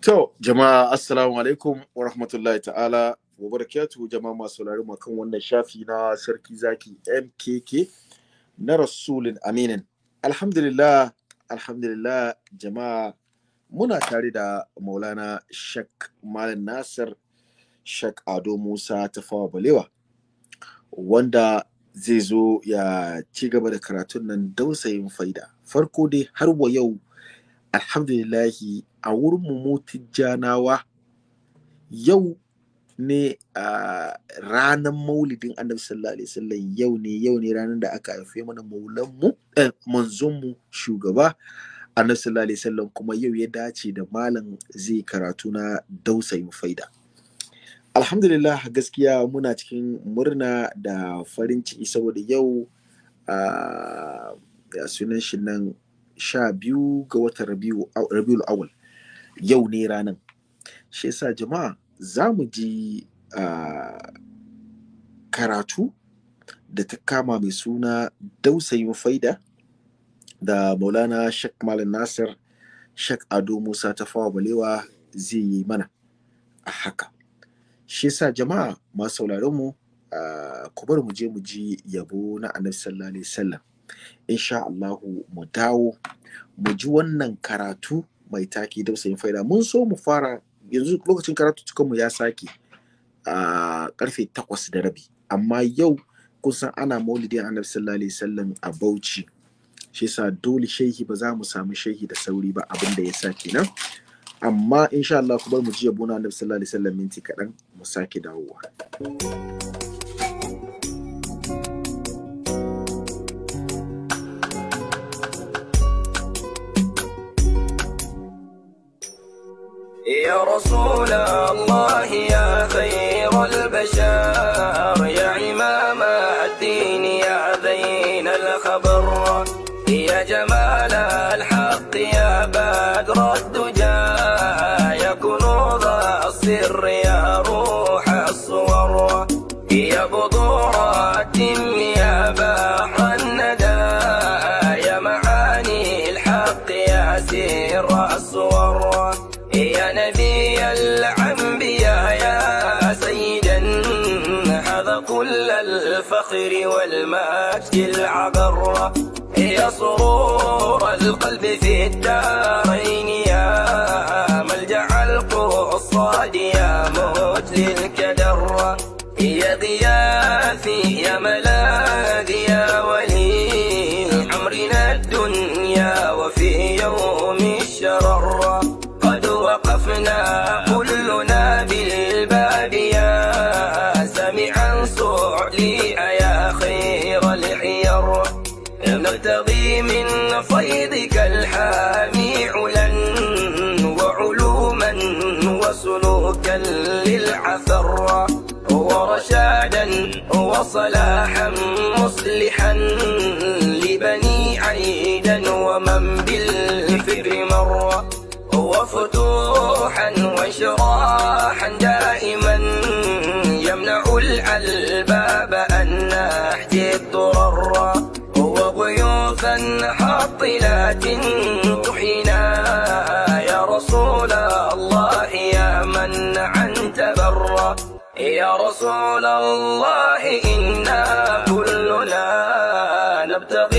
To, jama'a assalamu alaikum wa rahmatullahi ta'ala wa barakatuhu jama'a masu mu kan wannan shafi na sarki zaki MKK na Rasulun Aminin. Alhamdulillah, alhamdulillah jama'a muna tare da Maulana sheikh Malam Nasir Shak Ado Musa Tafawa Balewa wanda zai zo ya ci gaba da karatun nan dausayin faida. Farko dai har wa yau alhamdulillahi a wurinmu mu tijjanawa yau ne a ranar maulidin annabi sallallahu alaihi wasallam yau ne yau ne ranar da aka haife mana maulan mu eh, manzon mu shugaba annabi sallallahu alaihi wasallam kuma yau ya dace da malam zai karatu na dausayin faida alhamdulillah gaskiya muna cikin murna da farin ciki saboda yau a sunan shi nan sha biyu ga watan rabiul awal yau ne ranar shi yasa jama'a za mu ji karatu da ta kama mai suna dausayin faida da maulana shek malam nasir shek ado musa ta fawa balewa zai yi mana a haka shi yasa jama'a masu sauraron mu ku bar mu je mu ji yabo na annabi sallallahu alaihi wasallam insha Allahu mu dawo mu ji wannan karatu mai taki da dausayin faida mun so mu fara yanzu lokacin karatu cikinmu ya sake a karfe takwas da rabi amma yau kusan ana maulidi annabi sallallahu alaihi wasallam a Bauchi shi yasa dole shehi ba za mu samu shehi da sauri ba abin da yasa kenan amma insha Allah ku bar mu ji yabo na annabi sallallahu alaihi wasallam minti kaɗan mu sake dawowa يا رسول الله يا خير البشر يا قلبي في الدارين يا ملجأ القصاد يا موت للكدر يا غياب وصلاحا مصلحا لبني عيدا ومن بالفكر مر وفتوحا وشراحا دائما يمنع الألباب أن نحجي الضرر وضيوفا حاطلات تحينا يا رسول الله يا رسول الله إنا كلنا نبتغي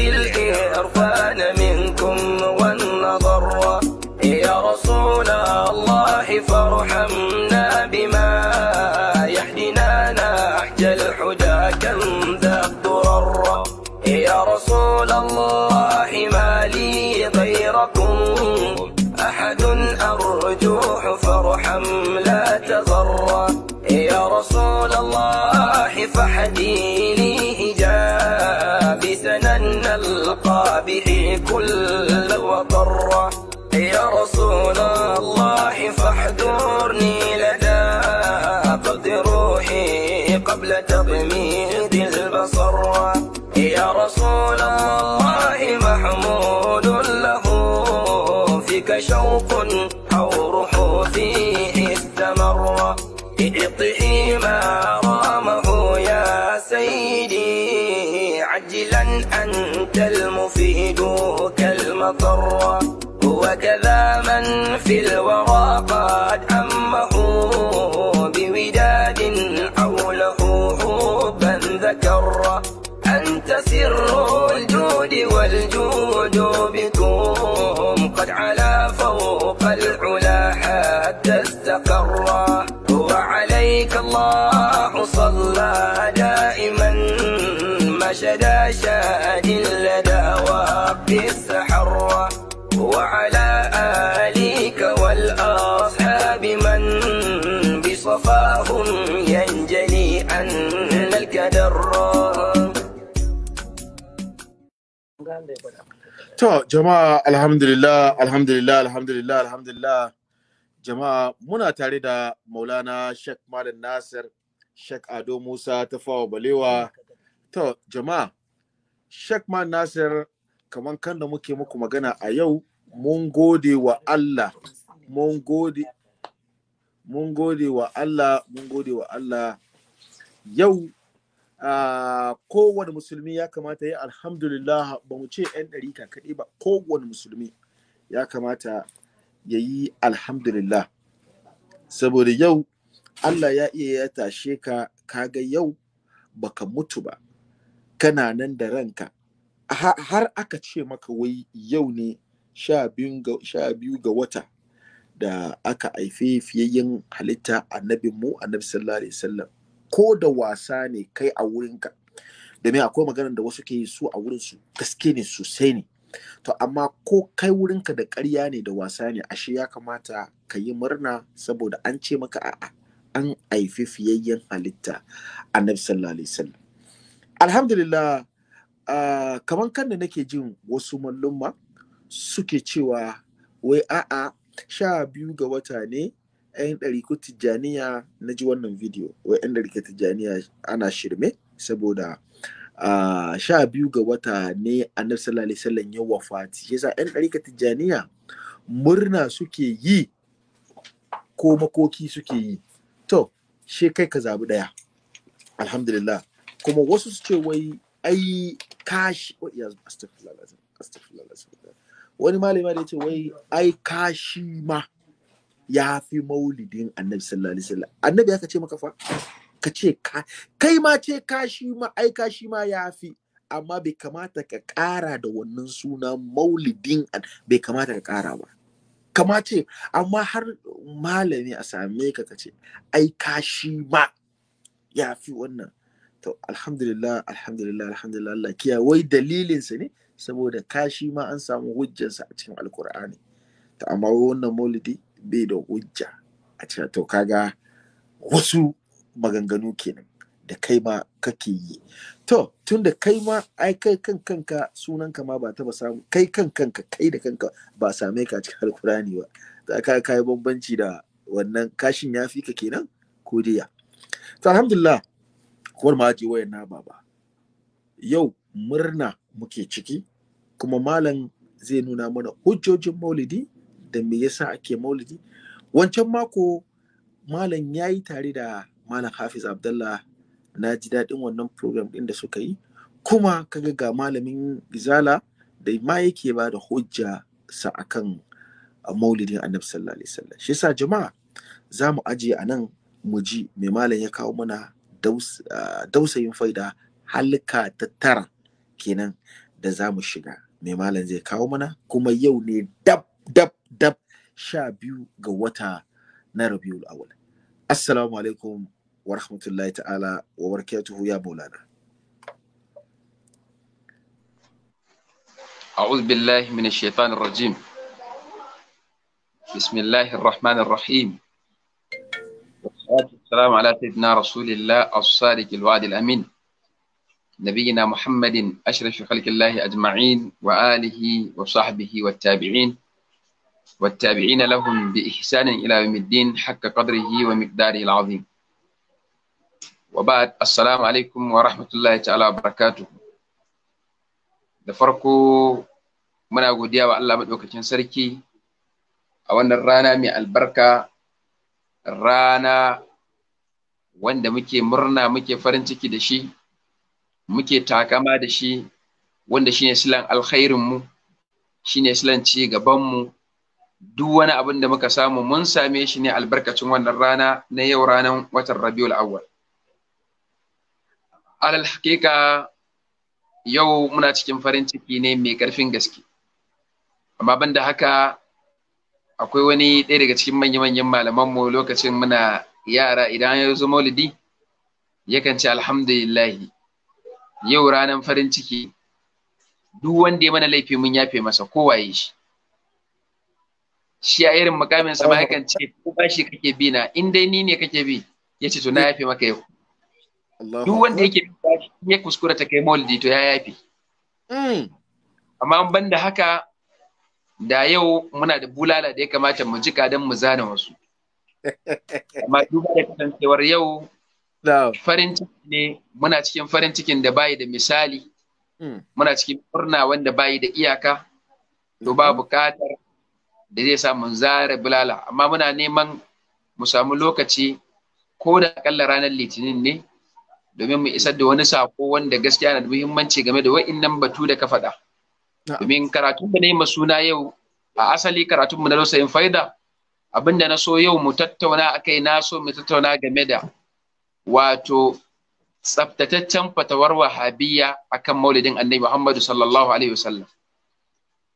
فحدي لي إجابي سنلقى به كل وضرة يا رسول الله فاحذرني لدى حديث وعلى آليك والأصحاب من بصفاهم ينجلي عن الكدر تو جماعة الحمد لله الحمد لله الحمد لله الحمد لله جماعة منا تاريدا مولانا شيخ مال الناصر شيخ أدو موسى تفاو بليوا تو جماعة شيخ مال الناصر kamar kan da muke muku magana a yau mun gode wa Allah mun gode mun gode wa Allah mun gode wa Allah yau kowane musulmi ya kamata ya alhamdulillah ba mu ce 'yan ɗari kaɗai ba kowane musulmi ya kamata ya yi alhamdulillah saboda yau Allah ya iya ya tashe ka kaga yau baka mutu ba kana nan da ranka har aka ce maka wai yau ne sha biyu ga wata da aka haife fiyayyen halitta annabinmu annabi sallallahu alaihi wasallam ko da wasa ne kai a wurinka domin akwai maganar da wasu ke yi su a wurinsu gaske ne sosai ne to amma ko kai wurinka da ƙarya ne da wasa ne ashe ya kamata ka yi murna saboda an ce maka a'a an haifi fiyayyen halitta annabi sallallahu alaihi wasallam alhamdulillah kamar kan da nake jin wasu mallumma suke cewa wai a'a sha biyu ga wata ne 'yan ɗariko tijjaniya na ji wannan video wai 'yan ɗariko tijjaniya ana shirme saboda sha biyu ga wata ne annabi sallallahu alaihi ya wafati yasa 'yan ɗariko tijjaniya murna suke yi ko makoki suke yi to she kai ka zabi ɗaya alhamdulillah kuma wasu su ce wai ai kashi wani malama da ya ce wai ai kashi ma ya fi maulidin annabi sallallahu alaihi wasallam annabi ya ce maka fa ka ce kai ma ce kashi ma ai kashi ma ya fi amma bai kamata ka ƙara da wannan suna maulidin bai kamata ka ƙara ba kama ce amma har malami a same ka ka ce ai kashi ma ya fi wannan to alhamdulillah alhamdulillah alhamdulillah Allah kiya wai dalilin sa ne saboda kashi ma an samu hujjansa a cikin alkur'ani to amma wannan maulidi bai da hujja a cikin to kaga wasu maganganu kenan da kai ma kake yi to tun da kai ma ai kai kan kanka sunan ka ma ba taba samu kai kan kanka kai da kanka ba same ka cikin alkurani ba za ka kai bambanci da wannan kashin ya fi ka kenan ko dai to alhamdulillah kawar ma aje wayan na baba yau murna muke ciki kuma malam zai nuna mana hujjojin maulidi da me yasa ake maulidi wancan mako malam ya yi tare da malam hafiz abdullah na ji daɗin wannan program ɗin da suka yi kuma kaga ga malamin izala da ma yake ba da hujja sa akan maulidin annabi sallallahu alaihi wasallam shi yasa jama'a za mu ajiye a nan mu ji me malam ya kawo mana dausayin faida halka ta tara kenan da za mu shiga mai malam zai kawo mana kuma yau ne dab dab dab sha biyu ga wata na rabiul awal assalamu alaikum wa rahmatullahi ta'ala wa barakatuhu ya maulana أعوذ بالله من الشيطان الرجيم بسم الله الرحمن الرحيم السلام على سيدنا رسول الله الصادق الوعد الأمين نبينا محمد أشرف خلق الله أجمعين وآله وصحبه والتابعين والتابعين لهم بإحسان إلى يوم الدين حق قدره ومقداره العظيم وبعد السلام عليكم ورحمة الله تعالى وبركاته da farko muna godiya wa Allah maɗaukakin sarki a wannan rana mai albarka rana wanda muke murna muke farin ciki da shi muke takama da shi wanda shine silan alkhairinmu shine silan ci gabanmu duk wani abin da muka samu mun same shi ne albarkacin wannan rana na yau ranar watan rabiul awwal alal hakika yau muna cikin farin ciki ne mai karfin gaske amma banda haka akwai wani ɗaya daga cikin manya-manyan malamanmu lokacin muna yara idan ya zo maulidi yakan ce alhamdulillah yau ranar farin ciki duk wanda ya mana laifi mun yafe masa waye shi shi a irin mukamin sa ma yakan ce ko bashi kake bi na in dai ni ne kake bi yace to na yafe maka yau duk wanda yake ya kuskura ta kai maulidi to ya yafe hmm. amma ban da haka da yau muna da bulala da ya kamata mu jika don mu zana wasu amma duba da kasancewar yau farin ciki ne muna cikin farin cikin da bayi da misali hmm. muna cikin murna wanda bayi da iyaka to ba hmm. bukatar da zai sa mun zara bulala amma muna neman mu samu lokaci ko da akalla ranar litinin ne domin mu isar da wani sako wanda gaskiya na da muhimmanci game da wa'innan batu da ka faɗa. domin karatun da na suna yau a asali karatunmu na lausayin faida abinda na so yau mu tattauna akai na so mu tattauna game da wato tsaftataccen fatawar wahabiyya akan maulidin annabi Muhammadu sallallahu alaihi wasallam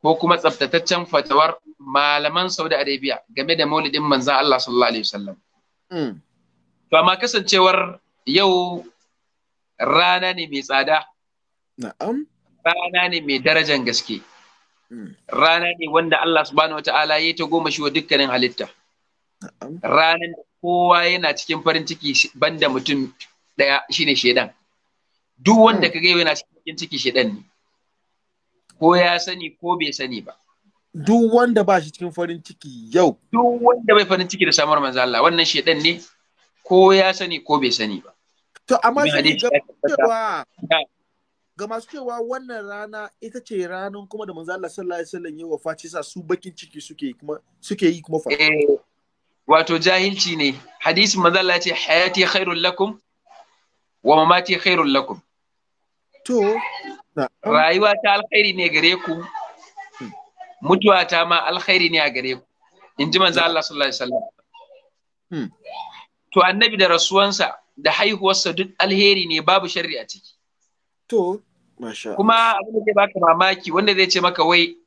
ko kuma tsaftataccen fatawar malaman Saudi Arabia game da maulidin manzan Allah sallallahu alaihi wasallam mm. to amma kasancewar yau rana ne mai tsada na'am rana ne mai darajan gaske hmm. rana ne wanda Allah subhanahu wataala ya ta goma shi wa dukkanin halitta da kowa yana cikin farin ciki banda mutum daya shine shedan duk wanda hmm. ka gaiwa yana cikin ciki shedan ne ko ya sani ko bai sani ba duk wanda ba shi cikin farin ciki yau duk wanda bai farin ciki da samar manzo Allah wannan shedan ne ko ya sani ko bai sani ba to amma sai cewa ga masu cewa wannan rana ita ce ranar kuma da manzala sallallahu alaihi wasallam ya wafa sa su bakin ciki suke kuma suke yi kuma fa eh, wato jahilci ne hadisi manzala ce hayati khairul lakum wa mamati khairul lakum to rayuwa ta alkhairi ne gare ku hmm. mutuwa ta ma alkhairi ne a gare ku in ji manzo hmm. Allah sallallahu alaihi wasallam hmm. to annabi da rasuwansa da haihuwarsa duk alheri ne babu sharri a ciki To, masha Kuma abin da zai baka mamaki wanda zai ce maka wai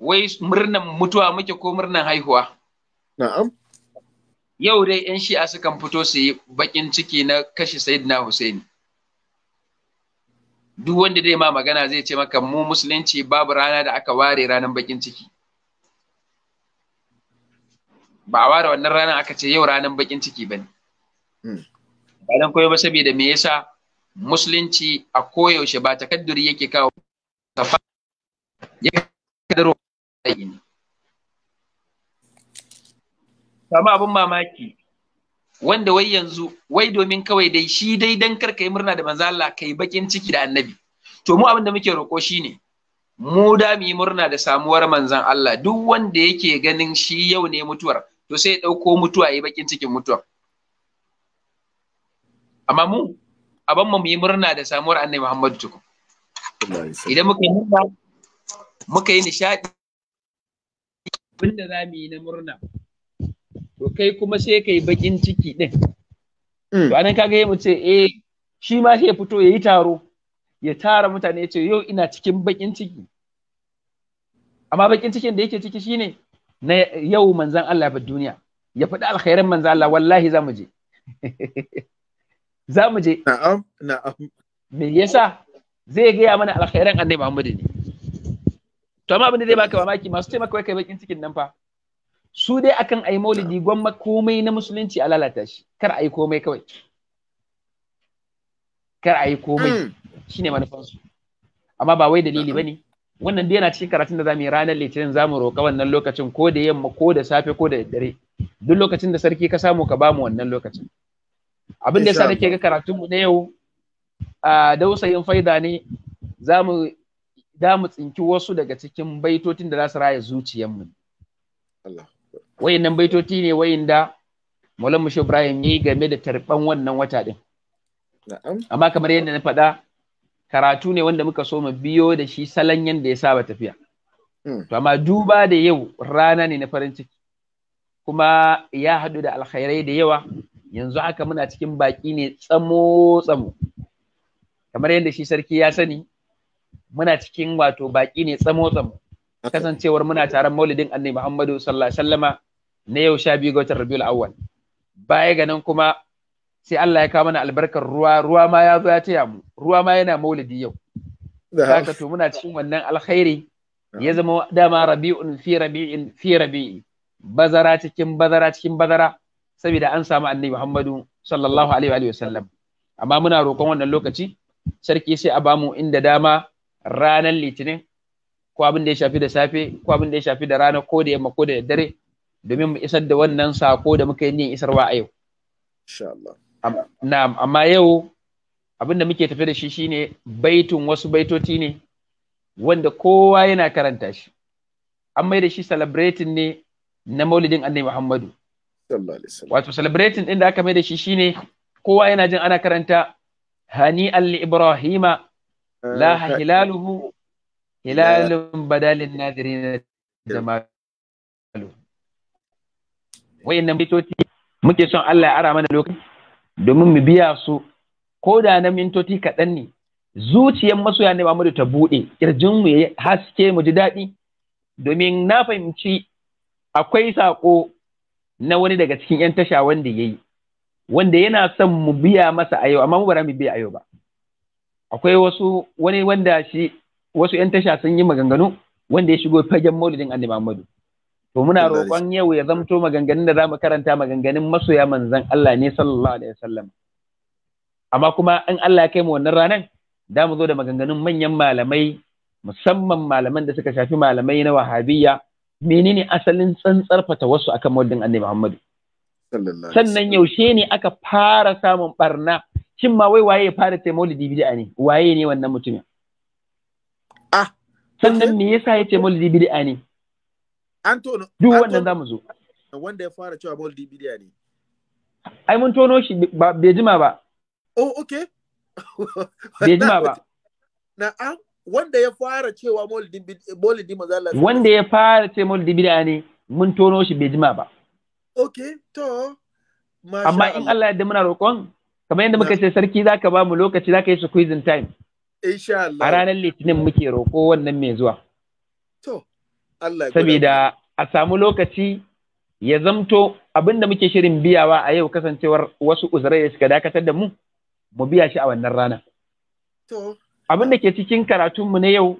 wai murnan mutuwa muke ko murnan haihuwa. Na'am. Yau dai 'yan shi'a sukan fito su yi bakin ciki na kashe Sayyidina Husaini. Duk wanda dai ma magana zai ce maka mu musulunci babu rana da aka ware ranar bakin ciki. Ba a ware wannan ranar aka ce yau ranar bakin ciki ba ne. Hmm. Ba don koyo ba saboda me yasa musulunci a koyaushe ba takadduri yake kawo safa ya Sama abin mamaki wanda wai yanzu wai domin kawai dai shi dai dan karka yi murna da manzo Allah kai bakin ciki da annabi to mu abin da muke roƙo shine mu da mu yi murna da samuwar manzan Allah duk wanda yake ganin shi yau ne mutuwar to sai ya ɗauko mutuwa yi bakin cikin mutuwa amma mu abin mu yi murna da samuwar annabi Muhammadu tukun idan muka yi murna muka yi nishadi abinda za mu yi na murna to kai kuma sai kai bakin ciki din mm. to anan kaga yayi mu ce eh shi ma sai ya fito yayi taro ya tara mutane ya ce yau ina cikin bakin ciki amma bakin cikin da yake ciki shine na yau manzan Allah ya duniya ya faɗi alkhairin manzan Allah wallahi za mu je za mu je na'am na'am me yasa zai gaya mana alkhairan annabi Muhammadu ne to amma abin da zai baka mamaki masu maka kai bakin cikin nan fa su dai akan ayi maulidi gwamma komai na musulunci a lalata shi kar ayi komai kawai kar ayi komai hmm. shine manufansu amma ba wai dalili bane wannan dai yana cikin karatun da zamu yi ranar litinin zamu roka wannan lokacin ko da yamma ko da safe ko da dare duk lokacin da sarki ka samu ka bamu wannan lokacin abin da yasa nake ga karatun mu na yau a dausayin faida ne za mu da mu tsinki wasu daga cikin baitotin da za su raya zuciyar mu wayannan baitoti ne wayanda Mallam Musa Ibrahim yi game da tarban wannan wata din amma kamar yadda na faɗa karatu ne wanda muka so mu biyo da shi salon yanda ya saba tafiya hmm. to amma duba da yau rana ne na farin ciki kuma ya haɗu da alkhairai da yawa yanzu haka muna cikin baƙi ne tsamo tsamo kamar yadda shi sarki ya sani muna cikin wato baƙi ne tsamo tsamo kasancewar muna taron maulidin annabi Muhammadu sallallahu alaihi na yau sha biyu ga watan Rabiul Awwal baya ga nan kuma sai Allah ya kawo mana albarkar ruwa ruwa ma ya zo ya taya mu ruwa ma yana maulidi yau haka to muna cikin wannan alkhairi ya zama dama rabi'un fi rabi'in fi rabi'i bazara cikin bazara cikin bazara saboda an samu annabi Muhammadu sallallahu alaihi wa sallam amma muna roƙon wannan lokaci sarki sai a bamu inda dama ranar litinin ko abin da ya shafi da safe ko abin da ya shafi da rana ko da yamma ko da dare domin mu isar da wannan sako da muka yi niyyar isarwa a yau insha Allah na'am amma yau abin da muke tafe da shi shine baitun wasu baitoti ne wanda kowa yana karanta shi an mai da shi celebrating ne na maulidin annabi Muhammadu wato celebrating din da aka mai da shi shine kowa yana jin ana karanta hani al ibrahima la eh, hilaluhu hilalun badalin nadirin Wai wayannan mintoti muke son Allah ya ara mana lokaci domin mu biya su ko da na mintoti kaɗan ne zuciyar masoya ne da ta buɗe ƙirjin mu ya haske mu ji daɗi domin na fahimci akwai sako. na wani daga cikin 'yan tasha wanda ya yi wanda yana son mu biya masa a yau amma mu bara mu biya a yau ba akwai wasu wani wanda shi wasu 'yan tasha sun yi maganganu wanda ya shigo fagen maulidin annabi Muhammadu to muna roƙon yau ya zamto maganganun da zamu karanta maganganun masoya manzon Allah ne sallallahu alaihi wasallam amma kuma in Allah ya kai mu wannan ranar da mu zo da maganganun manyan malamai musamman malaman da suka shafi malamai na wahabiyya menene asalin tsantsar fata wasu akan Mawadin annabi Muhammadu sannan yaushe ne aka fara samun barna shin ma wai waye ya fara ta maulidi bid'a ne waye ne wannan mutumin ah sannan me yasa ya ce maulidi bid'a ne tono duk wannan zamu zo wanda ya fara cewa maulidi bid'a ne ai mun tono shi ba bai jima ba oh okay bai jima ba na'am ah. wanda ya fara cewa maulidi manzo wanda ya fara ce bid'a ne mun tono shi bai jima ba Ok, to amma in Allah ya muna roƙon kamar yadda muka ce sarki za ka ba mu lokaci za ka yi su quizin time insha Allah a ranar litinin muke roƙo wannan mai zuwa to Allah saboda a samu lokaci ya zamto abin da muke shirin biyawa a yau kasancewar wasu uzurai da suka dakatar da mu mu biya shi a wannan rana to abin da ke cikin karatunmu na yau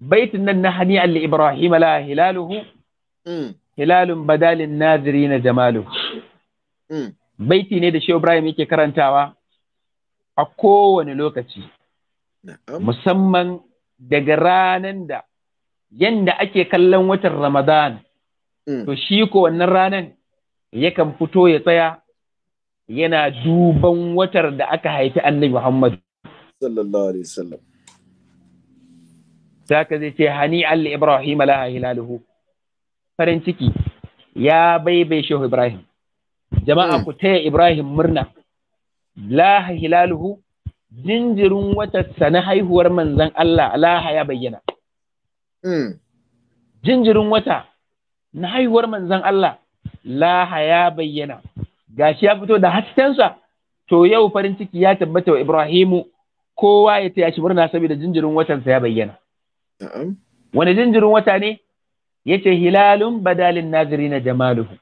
baitin nan na hani alli ibrahim la hilaluhu hmm. hilalun badalin naziri na jamalu hmm. baiti ne da shi ibrahim yake karantawa a kowane lokaci musamman daga ranan da yanda ake kallon watan ramadan hmm. to shi ko wannan ranan yakan fito ya tsaya yana duban watar da aka haifi annabi muhammadu sallallahu alaihi wasallam ka zai ce hani al ibrahim la hilaluhu farin ciki ya baibai shehu ibrahim jama'a hmm. ku taya ibrahim murna la hilaluhu jinjirin wata sana haihuwar manzan Allah laha ya bayyana hmm. jinjirin wata na haihuwar manzan Allah laha ya bayyana gashi ya fito da haskensa to yau farin ciki ya tabbata wa Ibrahimu kowa ya taya shi murna saboda jinjirin watansa ya bayyana wani jinjirin wata ne ya ce, hilalun badalin naziri na jamaluhu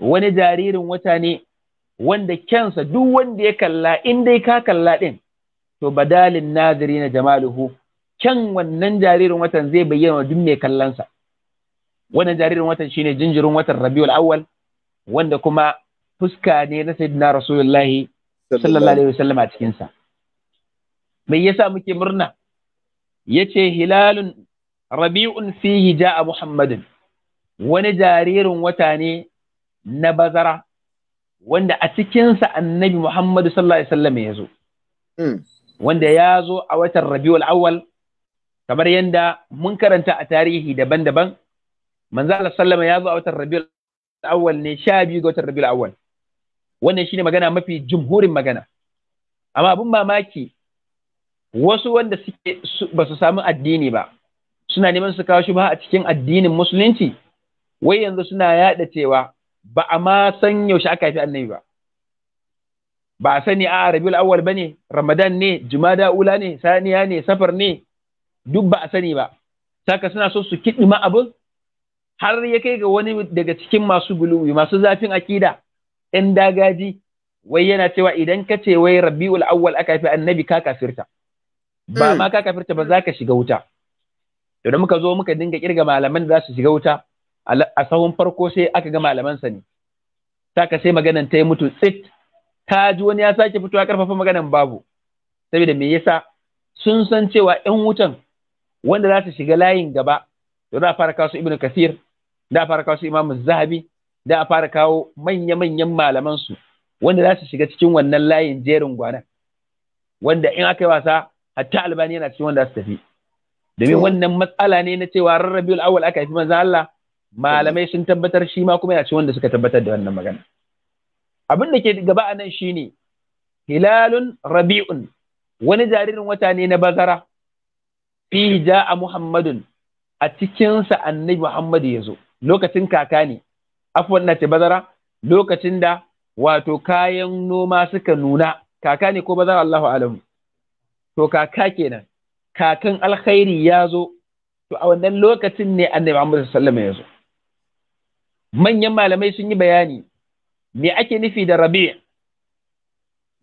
wani jaririn wata ne wanda kyansa duk wanda ya kalla in dai ka kalla din to badalin naziri na jamaluhu kyan wannan jaririn watan zai bayyana duk mai kallonsa wannan jaririn watan shine jinjirin watan rabiul awwal wanda kuma fuska ne na sayyidina rasulullahi sallallahu alaihi wasallam a cikinsa me yasa muke murna yace hilalun rabi'un fihi ja'a muhammadin wani jaririn wata ne na bazara wanda a cikinsa annabi Muhammadu sallallahu Alaihi wasallam ya zo. Hmm. Wanda ya zo a watan Rabiul Awwal kamar yadda mun karanta a tarihi daban-daban, manzo Allah sallama ya zo a watan Rabiul Awwal ne sha biyu ga watan Rabiul Awwal. Wannan shine magana mafi jumhurin magana. Amma abin mamaki wasu wanda suke ba su samu addini ba suna neman su kawo shi ba a cikin addinin musulunci wai yanzu suna yaɗa cewa ba a ma san yaushe aka haifi annabi ba ba a sani a rabiul awwal bane ramadan ne jumada ula ne saniya ne safar ne duk ba a sani ba saka suna so su kiɗi ma abu? har ya kai ga wani daga cikin masu bulubi masu zafin akida 'yan dagaji wai yana cewa idan ka ce wai rabiul awwal aka haifi annabi ka kafirta ba ma hmm. ka kafirta ba za ka shiga wuta to da muka zo muka dinga kirga malaman za su shiga wuta a sahun farko sai aka ga malaman sa ne ka sai maganan ta yi mutu tsit ta ji wani ya sake fitowa karfafa maganan babu saboda me yasa sun san cewa yan wutan wanda za su shiga layin gaba to za a fara kawo su ibnu kasir da a fara kawo su imamu zahabi da a fara kawo manya-manyan malaman su wanda za su shiga cikin wannan layin jerin gwanan wanda in aka yi wasa hatta albani yana cikin wanda su tafi domin wannan matsala ne na cewa rarrabi awwal aka haifi manzan Allah malamai sun tabbatar shi ma kuma yana cikin wanda suka tabbatar da wannan magana abin da ke gaba a nan shine hilalun rabi'un wani jaririn wata ne na bazara fihi a muhammadun a cikinsa annabi muhammadu ya zo lokacin kaka ne afwan na ce bazara lokacin da wato kayan noma suka nuna kaka ne ko bazara Allahu alamu to kaka kenan kakan alkhairi ya zo to a wannan lokacin ne annabi Muhammad sallallahu ya zo manyan malamai sun yi bayani me ake nufi da rabi'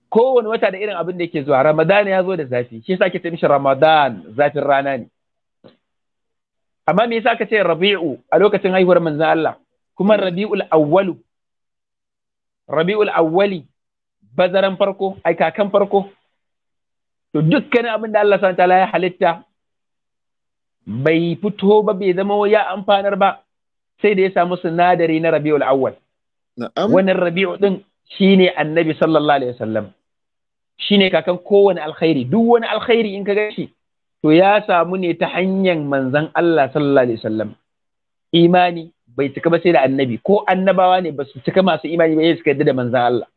kowane wata da irin abin da yake zuwa ramadan ya zo da zafi shi yasa ake ta mishi ramadan zafin rana ne amma me yasa ka ce rabi'u a lokacin haihuwar manzon Allah kuma rabi'ul awwalu rabi'ul awwali bazaran farko ai kakan farko to dukkanin abin da Allah subhanahu ta'ala ya halitta bai fito ba bai zama ya amfanar ba sai da ya samu sinadari na rabi'ul awwal wannan rabi'u din shine annabi sallallahu alaihi wasallam shine kakan kowane alkhairi duk wani alkhairi in ka gashi to ya samu ne ta hanyar manzon Allah sallallahu alaihi wasallam imani bai cika ba sai da annabi ko annabawa ne ba su cika masu imani ba sai suka yadda da manzan Allah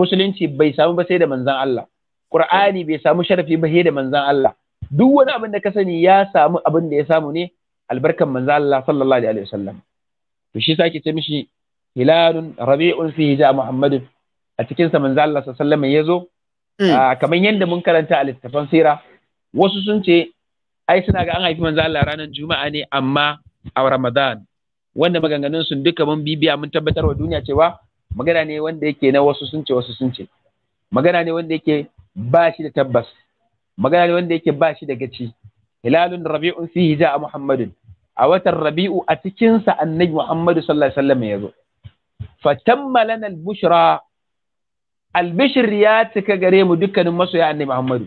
musulunci bai samu ba sai da manzon Allah Qur'ani bai samu sharafi ba da manzan Allah duk wani abin da ka sani ya samu abin da ya samu ne albarkan manzan Allah sallallahu alaihi wasallam to shi sake ce mishi hilalun rabi'un fi hija Muhammadu a cikin sa manzan Allah sallallahu alaihi wasallam ya zo mm. kamar yadda mun karanta a littafin sira wasu sun ce ai suna ga an haifi manzan Allah ranar juma'a ne amma a Ramadan wanda maganganun sun duka mun bibiya mun tabbatar wa duniya cewa magana ne wanda yake na wasu sun ce wasu sun ce magana ne wanda yake ba shi da tabbas magana ne wanda yake ba shi da gaci hilalun rabi'un fihi ja'a muhammadun a watan rabi'u a cikin sa annabi muhammadu sallallahu alaihi wasallam ya al-bushra al-bishr ya cika gare mu dukkanin masoya annabi muhammadu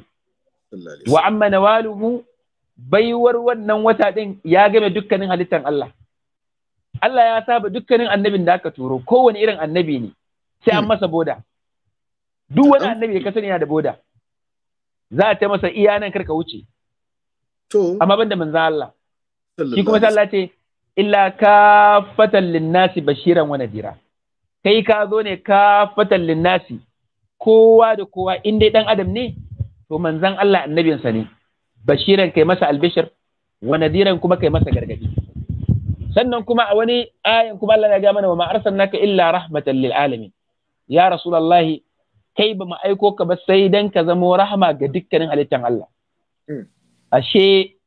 wa amma nawaluhu baiwar wannan wata din ya game dukkanin halittan Allah Allah ya saba dukkanin annabin da aka turo kowane irin annabi ne sai an hmm. masa boda duk wani annabi ka sani yana da boda za ta masa iya kar ka wuce to amma banda manzo Allah shi kuma sai Allah ce illa kafatan linnasi bashiran wa nadira kai ka zo ne kafatan linnasi kowa da kowa in dai dan adam ne to manzan Allah sa ne bashiran kai masa albishir wa nadiran kuma kai masa gargadi sannan kuma a wani ayan kuma Allah ya ga mana wa ma arsalnaka illa rahmatan lil alamin ya rasulullahi kai ba mu aiko ka ba sai dan ka zamo rahama ga dukkanin halittan Allah hmm. ashe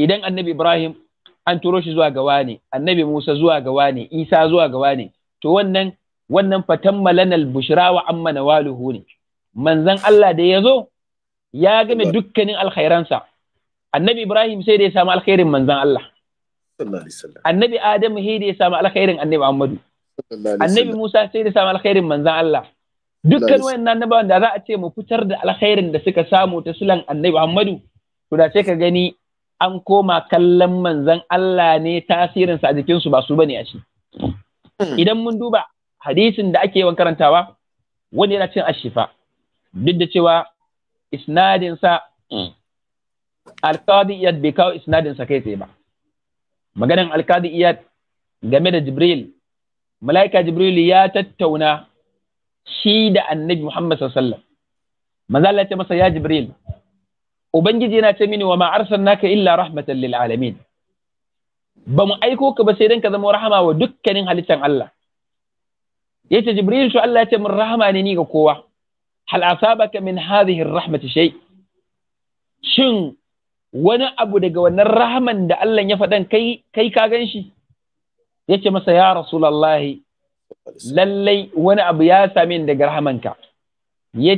idan annabi Ibrahim an turo shi zuwa ga ne, annabi Musa zuwa ga ne, Isa zuwa ga ne, to wannan wannan fatan malanal bushra wa amma nawaluhu ne Manzan Allah da ya zo ya game dukkanin alkhairansa annabi Ibrahim sai da ya samu alkhairin manzan Allah annabi Adam sai da ya samu alkhairin annabi Muhammadu annabi Musa sai da ya samu alkhairin manzan Allah dukkan wayan annabawan da za a ce mu fitar da alkhairin da suka samu ta sulan annabi Muhammadu to da sai ka gani an koma kallon manzon Allah ne tasirin sa a jikin su ba su bane a shi hmm. idan mun duba hadisin da ake yawan karantawa wani yana cin ashifa duk da cewa isnadin sa hmm. alqadi iyad bai kawo isnadin sa kai tsaye ba maganan alqadi iyad game da jibril mala'ika jibril ya tattauna shi da annabi Muhammad sallallahu alaihi wasallam manzo masa ya Jibril ubangiji yana ce mini wa ma arsalnaka illa rahmatan lil alamin ba mu aiko ka ba sai dan ka zama rahama wa dukkanin halittan Allah yace Jibril shi Allah ya ce mun rahama ne ni ga kowa hal asabaka min hadhihi rahmati shay shin wani abu daga wannan rahaman da Allah ya faɗan kai kai ka gan shi yace masa ya rasulullahi lallai wani abu ya same ni daga rahamanka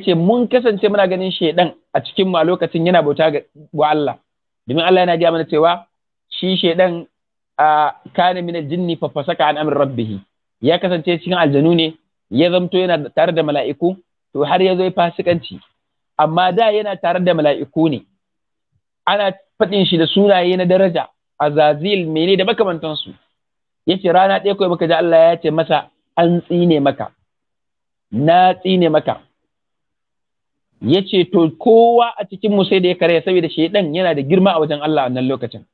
ce mun kasance muna ganin shaidan a cikin mu a lokacin yana bauta ga Allah domin Allah yana gaya mana cewa shi shaidan a kana min jinni fa fasaka an amr rabbih ya kasance cikin aljanu ne ya zamto yana tare da mala'iku to har ya zo ya fasikanci amma da yana tare da mala'iku ne ana faɗin shi da sunaye na daraja azazil mene da makamantansu yace rana ɗaya kawai baka ji Allah ya ce masa an tsine maka na tsine maka ya ce to kowa a cikinmu sai da ya karya saboda shaidan yana da girma a wajen Allah a nan lokacin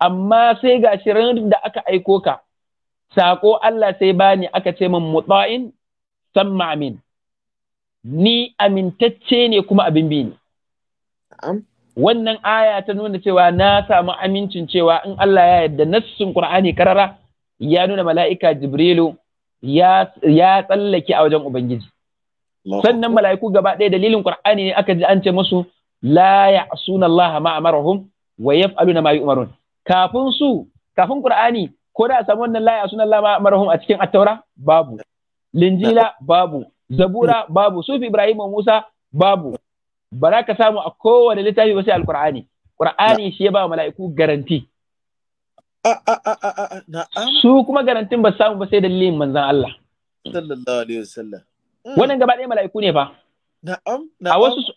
amma sai ga shirin da aka aiko ka saƙo Allah sai bani aka ce min mutsa'in san ma'amin. ni amintacce ne kuma abin bi ne wannan aya ta nuna cewa na samu amincin cewa in Allah ya yarda nassin Qur'ani karara ya nuna mala'ika Jibrilu ya tsallake a wajen Ubangiji. Sannan mala'iku gaba ɗaya dalilin Qur'ani ne aka ji an ce musu la ya'suna Allah ma amarahum wa yaf'aluna ma yu'marun. Kafin su kafin ko da samu wannan la ya'suna Allah ma a cikin Attaura babu. Linjila babu, Zabura babu, Sufi Ibrahim Musa babu. Ba za ka samu a kowane littafi ba sai Al-Qur'ani. Qur'ani shi ya ba mala'iku garanti. Su kuma garantin ba samu ba sai dalilin manzan Allah. Sallallahu alaihi wasallam. Wannan gaba ɗaya mala'iku ne fa.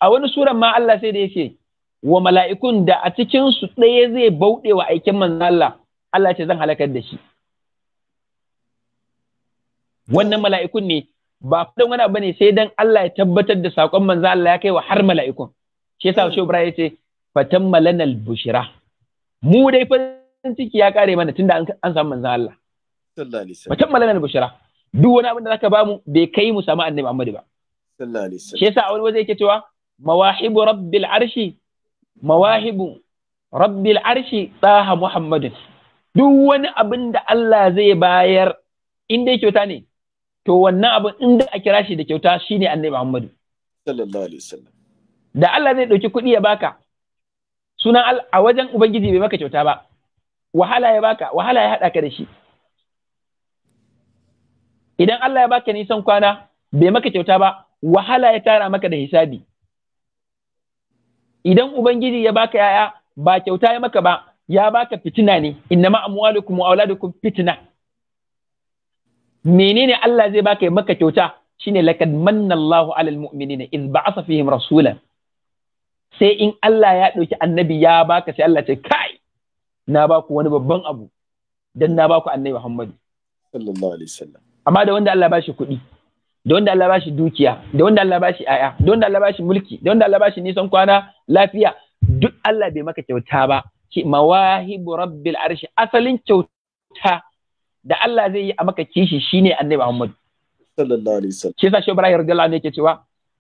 A wani suran ma Allah sai da yake wa mala'ikun da a cikin su ɗaya zai bauɗe wa aikin manzan Allah. Allah ce zan halakar da shi. Wannan mala'ikun ne ba fadan wani abu ne sai dan Allah ya tabbatar da saƙon manzan Allah ya kai wa har mala'ikun. Shi yasa Shehu Ibrahim ya ce fatan malanal bushira. Mu dai fa ciki ya kare mana tunda an samu manzan Allah sallallahu alaihi wasallam mutum malamin bushara duk wani abin da zaka bamu bai kai mu samu annabi Muhammad ba sallallahu alaihi wasallam shi yasa a wani waje yake cewa mawahibu rabbil arshi mawahibu rabbil arshi tsaha muhammadin duk wani abin da Allah zai bayar inda dai kyauta ne to wannan abin inda a kira shi da kyauta shine annabi Muhammadu sallallahu alaihi wasallam da Allah zai dauki kuɗi ya baka sunan a wajen ubangiji bai maka kyauta ba wahala ya baka wahala ya haɗa ka da shi idan Allah ya baka nisan kwana bai maka kyauta ba wahala ya tara maka da hisabi idan ubangiji ya baka yaya ba kyauta ya maka ba ya baka fitina ne innama amwalukum wa auladukum fitna menene Allah zai baka ya maka kyauta shine laqad manna Allahu alal mu'minina iz ba'atha fihim rasulan sai in Allah ya ɗauki annabi ya baka sai Allah ce kai na ba ku wani babban abu dan na ba ku annabi Muhammadu sallallahu alaihi wasallam amma da wanda Allah ba shi kuɗi da wanda Allah ba shi dukiya da wanda Allah ba shi aya da wanda Allah ba shi mulki da wanda Allah ba shi nisan kwana lafiya duk Allah bai maka kyauta ba ki mawahibu rabbil arshi asalin kyauta da Allah zai yi a maka kishi shine annabi Muhammad sallallahu alaihi wasallam shi shi Ibrahim radiyallahu anhu yake cewa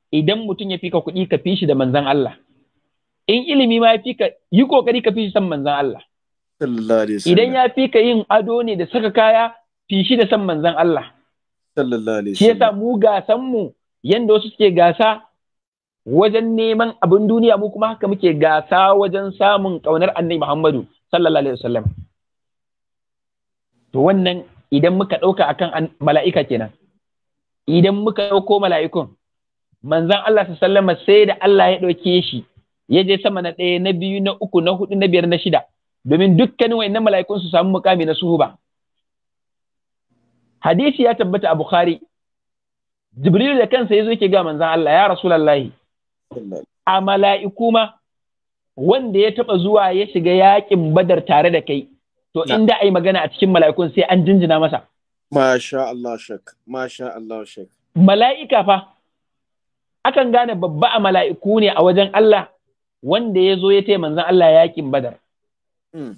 idan mutum ya fika kuɗi ka fi shi da manzon Allah in ilimi ma ya fika yi kokari ka fi shi san manzon Allah Idan ya fi ka yin ado ne da saka kaya, fi shi da san manzan Allah. Shi yasa mu gasan mu yanda wasu suke gasa wajen neman abin duniya mu kuma haka muke gasa wajen samun ƙaunar annabi Muhammadu sallallahu alaihi wasallam. To wannan idan muka ɗauka akan mala'ika kenan. Idan muka ɗauko mala'ikun, manzan Allah sallama sai da Allah ya ɗauke shi, ya je sama na ɗaya, na biyu, na uku, na hudu, na biyar, na shida. domin dukkanin wayannan mala'ikun su samu mukami na suhuba hadisi ya tabbata a bukhari jibril da kansa yazo yake ga manzon Allah ya rasulullahi a mala'iku ma wanda ya taba zuwa ya shiga yakin badar tare da kai to inda ai magana a cikin mala'ikun sai an jinjina masa masha Allah shak masha Allah shak mala'ika fa akan gane babba a mala'iku ne a wajen Allah wanda ya zo ya taya manzon Allah yakin badar Hmm.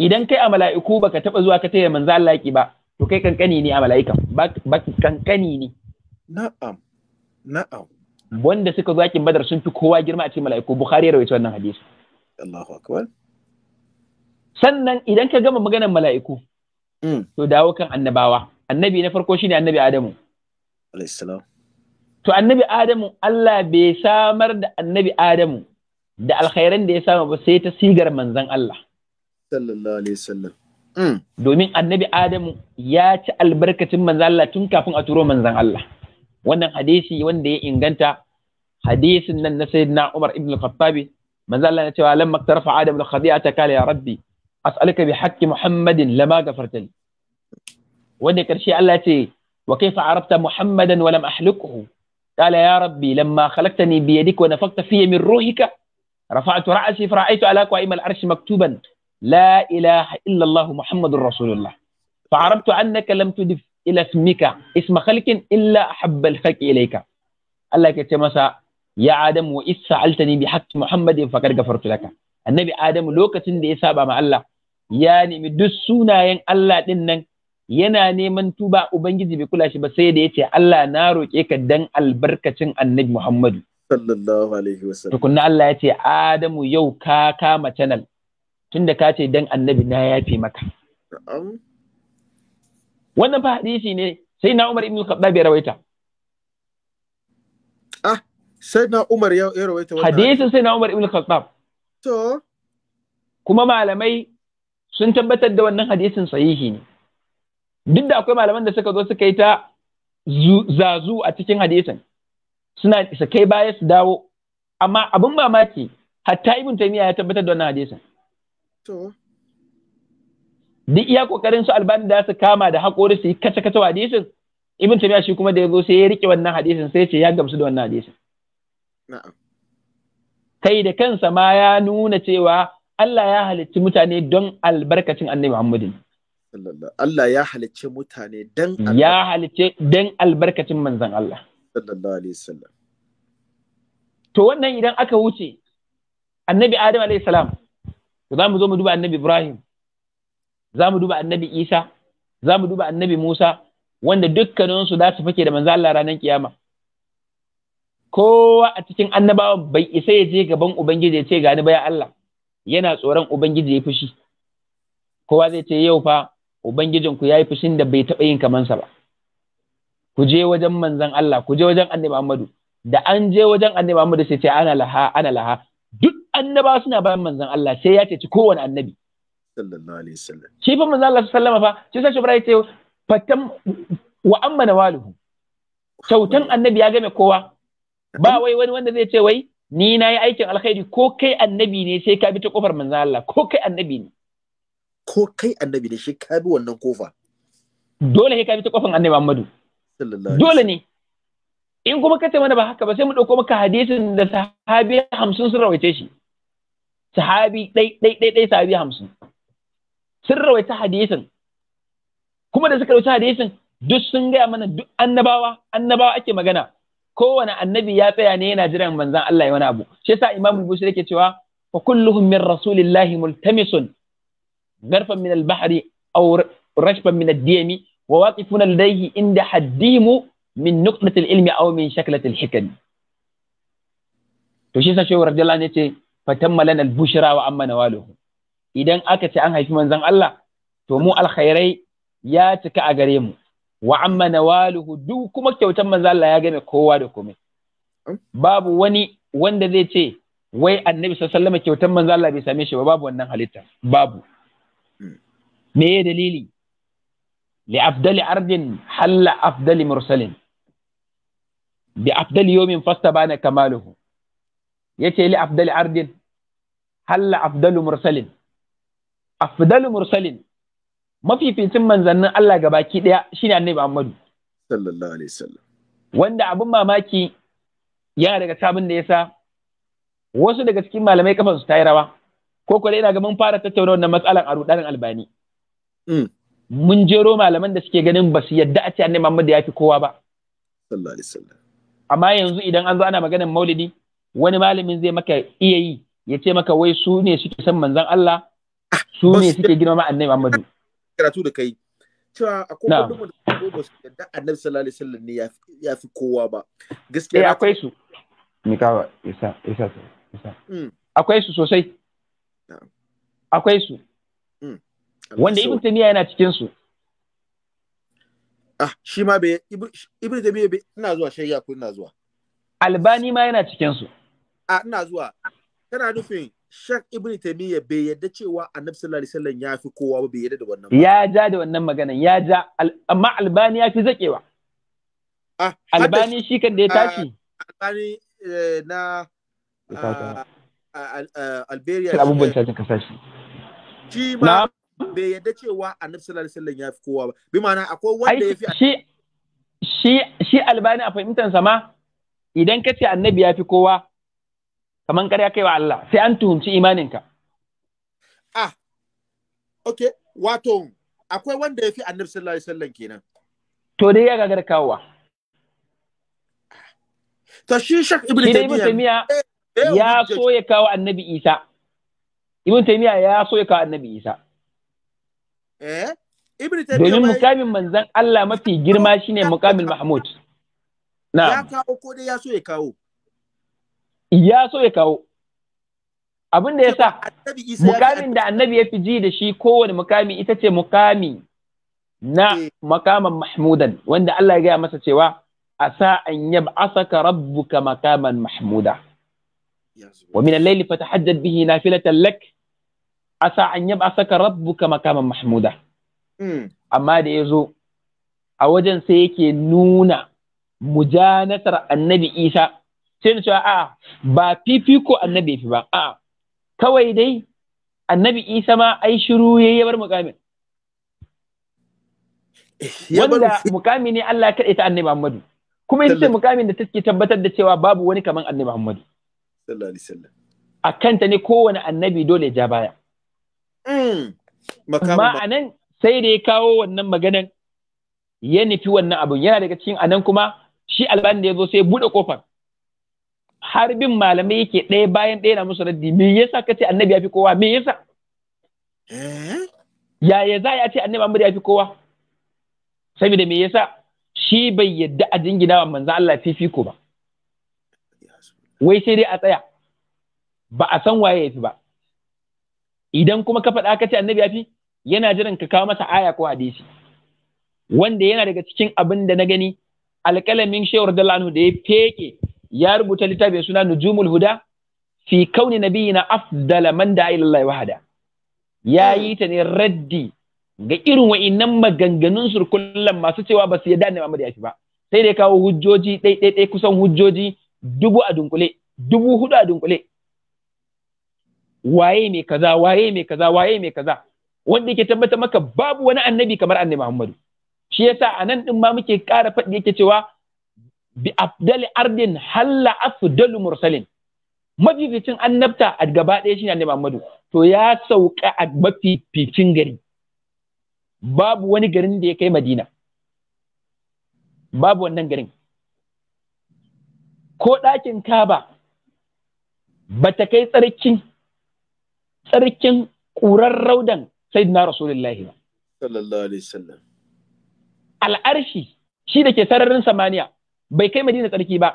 idan kai a mala'iku baka taɓa zuwa ka taya manzo Allah yaki ba to kai kankani ne a mala'ikan ba kankani ne na'am na'am wanda suka zuwa kin badar sun fi kowa girma a cikin mala'iku bukhari ya rawaito wannan hadisi Allahu akbar sannan idan ka gama maganar mala'iku hmm. to dawo kan annabawa annabi na farko shine annabi Adamu alayhi salam to annabi Adamu Allah bai samar da annabi Adamu da alkhairan da ya samu ba sai ta sigar manzan Allah sallallahu alaihi wasallam mm. domin annabi Adamu ya ci albarkacin manzon Allah tun kafin a turo manzan Allah wannan hadisi wanda ya inganta hadisin nan na na Umar ibn al-Khattab manzon Allah ya ce lamma tarafa Adamu al-khadi'ata kala ya rabbi as'aluka bi haqqi Muhammadin lama gafartali wanda karshe Allah ya ce wa kaifa arabta Muhammadan wa lam ahlukuhu قال يا ربي لما خلقتني بيدك ونفخت في من روحك رفعت رأسي فرأيت على قائم العرش مكتوبا لا إله إلا الله محمد رسول الله فعرفت أنك لم تضف إلى اسمك اسم خلق إلا أحب الخلق إليك الله كتمسا ya Adamu wa isa altani bi haqqi Muhammadin faqad gafartu laka annabi Adamu lokacin da ya saba ma Allah ya nemi duk sunayen Allah ɗinnan nan yana neman tuba ubangiji bai kula ba sai da ce Allah na roke ka dan albarkacin annabi Muhammadu sallallahu alaihi wasallam tukunna Allah ya ce Adamu yau ka kama channel tunda ka ce dan annabi na fi maka wannan fa hadisi ne sai na Umar ibn Khattab ya rawaita ah sai na Umar ya rawaita wannan hadisin sai na Umar ibn Khattab to kuma malamai sun tabbatar da wannan hadisin sahihi ne duk da akwai malaman da suka zo suka yi ta zazu a cikin hadisin suna isa kai baya su dawo amma abin mamaki hatta ibn taymiya ya tabbatar da wannan hadisin to duk iya kokarin su albani da su kama da hakuri su yi kace kace hadisin ibn taymiya shi kuma da yazo sai ya rike wannan hadisin sai ce ya gamsu da wannan hadisin na'am kai da kansa ma ya nuna cewa Allah ya halicci mutane don albarkacin annabi Muhammadin Allah ya halicci mutane don ya halicce don albarkacin manzon Allah sallallahu alaihi wasallam to wannan idan aka wuce annabi adam alaihi salam za mu zo mu duba annabi ibrahim za duba annabi isa za duba annabi musa wanda dukkaninsu za su fake da manzo Allah ranar kiyama kowa a cikin annabawan bai isa ya je gaban ubangiji ya ce gani baya Allah yana tsoron ubangiji ya fushi kowa zai ce yau fa ubangijinku ya yi fushin da bai taɓa yin kamansa ba ku je wajen manzan Allah ku je wajen annabi Muhammadu da an je wajen annabi Muhammadu sai ce ana laha ana laha duk annaba suna bayan manzan Allah sai ya ceci kowane annabi sallallahu alaihi wasallam shi fa manzan Allah sallama fa shi sai shubra yace fatan wa amma Waluhu. kyautan annabi ya game kowa ba wai wani wanda zai ce wai ni na yi aikin alkhairi ko kai annabi ne sai ka bi ta kofar manzan Allah ko kai annabi ne ko kai annabi ne shi ka bi wannan kofa dole sai ka bi ta kofar annabi Muhammadu dole ne in kuma kace mana ba haka ba sai mu ɗauko maka hadisin da sahabi hamsin sun rawaice shi sahabi ɗai, ɗai, ɗai, sahabi hamsin sun rawaita hadisin kuma da suka rawaita hadisin duk sun gaya mana duk annabawa annabawa ake magana kowane annabi ya tsaya ne yana jiran manzon Allah ya wani abu shi yasa Imam Al-Bukhari yake cewa wa kulluhum min rasulillahi multamisun garfan min al-bahri aw rashban min ad-diyami wa waqifuna ladayhi inda haddimu min nuqtatil ilmi aw min shaklatil hikami to shi sa shehu radiyallahu anhu yace fatamma lana al-bushra wa amma waluhu. idan aka ce an haifi manzan Allah to mu alkhairai ya cika a gare mu wa amma waluhu duk kuma kyautan manzon Allah ya game kowa da kome. babu wani wanda zai ce wai annabi sallallahu alaihi kyautan manzon Allah bai same shi ba babu wannan halitta babu hmm. me dalili لأفضل عرض حل أفضل مرسل بأفضل يوم فاستبان كماله يتي لأفضل عرض حل أفضل مرسل أفضل مرسل ما في في سن منزلن الله gabaki daya shine Annabi Muhammad sallallahu alaihi wasallam wanda abin mamaki ya daga sabon da yasa wasu daga cikin malamai kafan tayi rawa ko kuma ina ga mun fara tattauna wannan matsalan a albani mun jero malaman da suke ganin ba su yadda a ce annabi Muhammad ya fi kowa ba sallallahu alaihi wasallam amma yanzu idan an zo ana maganar maulidi wani malamin zai maka iya yi ya ce maka wai su ne suke san manzon Allah su ne suke ma annabi Muhammad karatu da kai cewa akwai wanda ba su yadda annabi sallallahu alaihi wasallam ne ya fi kowa ba gaskiya eh, akwai su ni mikawa isa isa isa hmm. akwai su sosai akwai su wanda ibn taymiya yana cikin su ah shi ma be ibn taymiya be ina zuwa shayya ko ina zuwa albani ma yana cikin su ah ina zuwa kana nufin Shak Ibn Taymiyyah be yadda cewa Annabi sallallahu alaihi wasallam ya fi kowa ba be yadda da wannan Ya ja da wannan maganan ya ja amma Albani ya fi zakewa. ah Albani shi kan da ya ah, tashi. Albani eh, na ah, ah, Alberia. Kan abubuwan cajin kasashe. Shi ma bai yadda cewa annabi sallallahu alaihi wasallam ya fi kowa ba bi ma'ana akwai wanda ya fi shi shi shi albani a fahimtar sa ma idan ka ce annabi ya fi kowa kamar kar ya kai wa Allah sai an tuhunci imaninka ah okay wato akwai wanda ya fi annabi sallallahu alaihi wasallam kenan to dai ya gagar kawowa to shi shak ibnu taymiya ya so ya kawo annabi isa ibnu taymiya ya so ya kawo annabi isa eh domin mukamin manzan, Allah mafi girma oh, shine mukamin mahmud na ya kawo ko dai ya so ya kawo ya so ya kawo abin da ya sa mukamin da annabi ya fi ji da shi kowane mukami ita ce mukami na eh. makaman mahmudan wanda Allah ya gaya masa cewa a asa an yab'asaka rabbuka makaman mahmuda wa min laili layli bihi bihi filatan lak asa an yaba saka rabbuka makaman mahmuda hmm. amma da ya zo a wajen sai yake nuna mujanatar annabi isa sai na cewa a ba fifiko annabi fi ba a kawai dai annabi isa ma ai shiru ya bar mukamin wanda mukami ne Allah ya kaɗe ta annabi Muhammadu kuma yace mukamin da take tabbatar da cewa babu wani kaman annabi Muhammadu a kanta ne kowane annabi dole ja baya Mm. amma a nan sai da ya kawo wannan maganan ya nufi wannan abin yana daga cikin anan kuma shi alban da ya zo sai buɗe kofar har bin malamai yake ɗaya bayan ɗaya na musu raddi me yasa ka ce annabi ya fi kowa me yasa eh? yaya za a ce annabi Muhammad ya fi kowa saboda me yasa shi bai yadda a jingina wa manzo Allah fifiko ba wai sai dai a tsaya ba a san waye yafi ba idan kuma ka faɗa ka ce annabi ya fi yana jiran ka kawo masa aya ko hadisi wanda yana daga cikin abin da na gani alƙalamin shewar dalanu da ya feke ya rubuta littafi suna nujumul huda fi kauni nabiyina afdala man da ilallahi wahada ya yi ta ne raddi ga irin wa'innan maganganun surkullan masu cewa ba su yadda annabi Muhammad ya fi ba sai da ya kawo hujjoji ɗai ɗai kusan hujjoji dubu a dunkule dubu hudu a dunkule waye mai kaza waye mai kaza waye mai kaza wanda yake tabbata maka babu wani annabi kamar annabi Muhammadu shi yasa anan din ma muke ƙara faɗi yake cewa bi afdali ardin halla afdalu mursalin majibicin annabta a gaba ɗaya shine annabi Muhammadu to ya sauka a mafificin gari babu wani garin da ya kai Madina babu wannan garin ko ɗakin Kaba ba ta kai tsarkin tsarkin ƙurar raudan sayyidina rasulullahi ba sallallahu alaihi al'arshi shi da ke sararin samaniya bai kai madina tsarki ba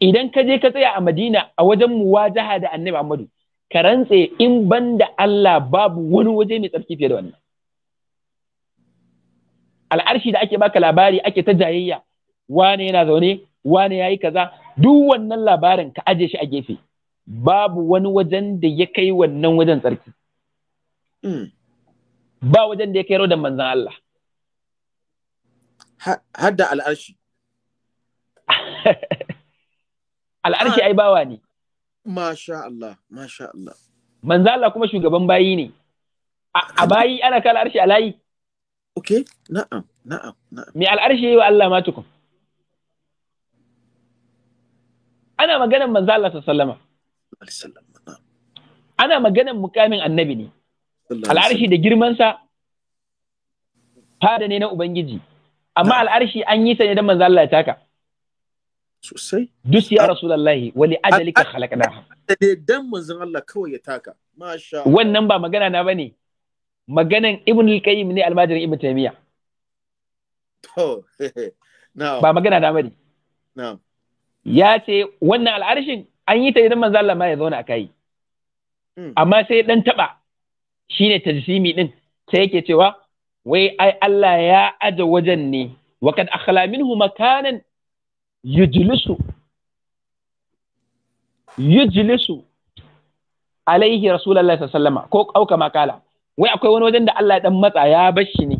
idan ka je ka tsaya a madina a wajen muwajaha da annabi Muhammadu ka rantse in ban da Allah babu wani waje mai tsarki fiye da wannan al'arshi da ake baka labari ake ta jayayya wane yana zaune wane ya yayi kaza duk wannan labarin ka aje shi a gefe babu wani wajen da ya kai wannan wajen tsarki hmm. ba wajen da ya kai rodon manzan Allah hadda al'arshi al'arshi ai bawa ne masha Allah masha Allah manzan Allah kuma shugaban bayi ne a bayi ana kala al'arshi a layi Ok, na'am na'am na'am me al'arshi yi wa Allah matukun? ana maganar manzan Allah sallama ana maganan mukamin annabi ne al'arshi da girmansa fada ne na ubangiji amma al'arshi an yi sanye don dan manzo Allah ya taka sosai dus ya rasulullahi wali ajalika khalaqnaha dai dan manzon Allah kawai ya taka masha wannan ba magana na bane maganan ibn al-qayyim ne almajirin ibn taymiya to ba magana na bane ya ce wannan al'arshin an yi ta idan manzo Allah ma ya zauna kai mm. amma sai dan taba shine tajsimi ɗin. sai yake cewa wai ai Allah ya aja wajen ne wa kad akhla minhu makanan yujlisu yujlisu alaihi rasulullahi sallallahu ko ƙauka makala wai akwai wani wajen da Allah dan matsa ya bar ne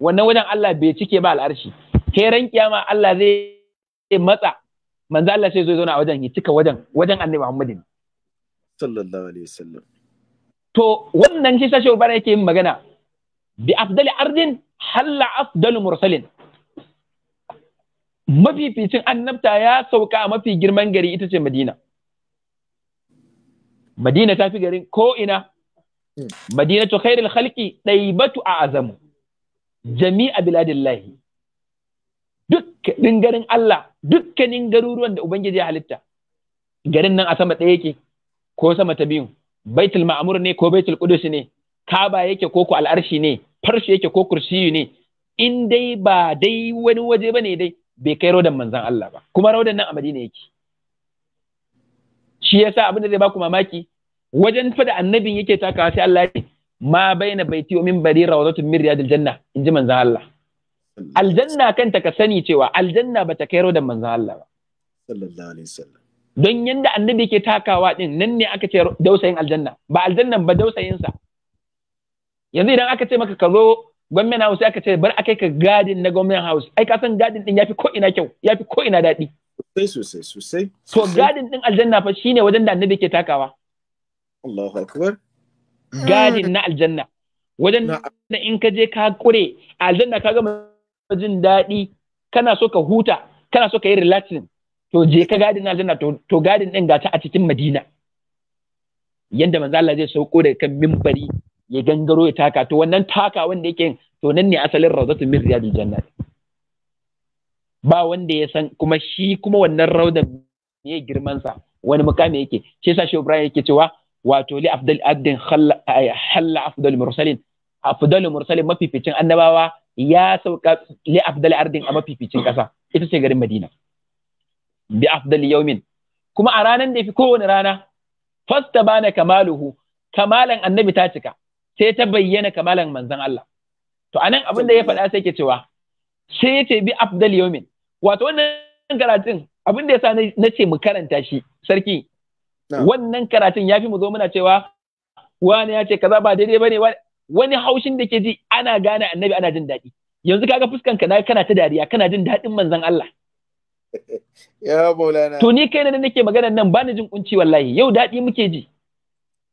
wannan wajen Allah bai cike ba al'arshi ke ran kiyama Allah zai matsa manzo Allah sai zo zauna a wajen ya cika wajen wajen annabi Muhammad sallallahu alaihi wasallam to wannan shi sashe bara yake yin magana bi afdali ardin halla afdalu mursalin mafificin annabta ya sauka mafi girman gari ita ce Madina Madina ta fi garin ko ina hmm. Madinatu khairul khalqi daibatu a azamu jami'a biladillahi din garin Allah dukkanin garuruwan da ubangiji ya halitta garin nan a sama ɗaya yake ko sama ta biyu baitul ma'mur ne ko baitul qudus ne kaba yake ko ku al'arshi ne farshi yake ko kursiyu ne in dai ba dai wani waje bane dai bai kai rodan manzan Allah ba kuma rodan nan a Madina yake shi yasa abin da zai baku mamaki wajen fa da annabin yake takawa sai Allah ya ce ma baina baiti wa min bari rawdatun min riyadil janna inji manzan Allah aljanna kanta ka sani cewa aljanna bata kai rodan manzon Allah ba sallallahu alaihi wasallam don yanda annabi ke takawa din nan ne aka ce dausayin aljanna ba aljannan ba dausayin sa yanzu idan aka ce maka ka zo gwamnan house aka ce bar akai ka gadin na gwamnan house ai ka san gadin din yafi ko ina kyau yafi ko ina daɗi sosai sosai sosai to gadin din aljanna fa shine wajen da annabi ke takawa Allahu akbar gadin na aljanna wajen da in ka je ka kure aljanna ka gama jin daɗi kana so ka huta kana so ka yi relaxing to je ka gadin aljanna to to gadin din gata a cikin madina Yadda manzo Allah zai sauko daga kan mimbari ya gangaro ya taka to wannan taka wanda yake to nan ne asalin rawdatu min riyadul jannah ba wanda ya san kuma shi kuma wannan raudan ne girman sa wani mukami yake shi yasa Shehu Ibrahim yake cewa wato li afdal abdin halla afdal mursalin afdal mursalin mafificin annabawa ya sauka li afdali ardin a mafificin ƙasa ita ce garin Madina bi afdali yaumin kuma a ranar da yafi kowane rana fasta bana kamaluhu kamalan annabi ta cika sai ta bayyana kamalan manzon Allah to anan abin da ya faɗa sai ke cewa sai ce bi afdali yaumin wato wannan karatun abin da yasa na ce mu karanta shi sarki wannan karatun ya fi mu zo muna cewa wani ya ce kaza ba daidai bane wani haushin da ke ji ana gane annabi ana jin daɗi yanzu kaga fuskan ka kana ta dariya kana jin daɗin manzon Allah ya maulana to ni kaina da nake magana nan bani jin kunci wallahi yau daɗi muke ji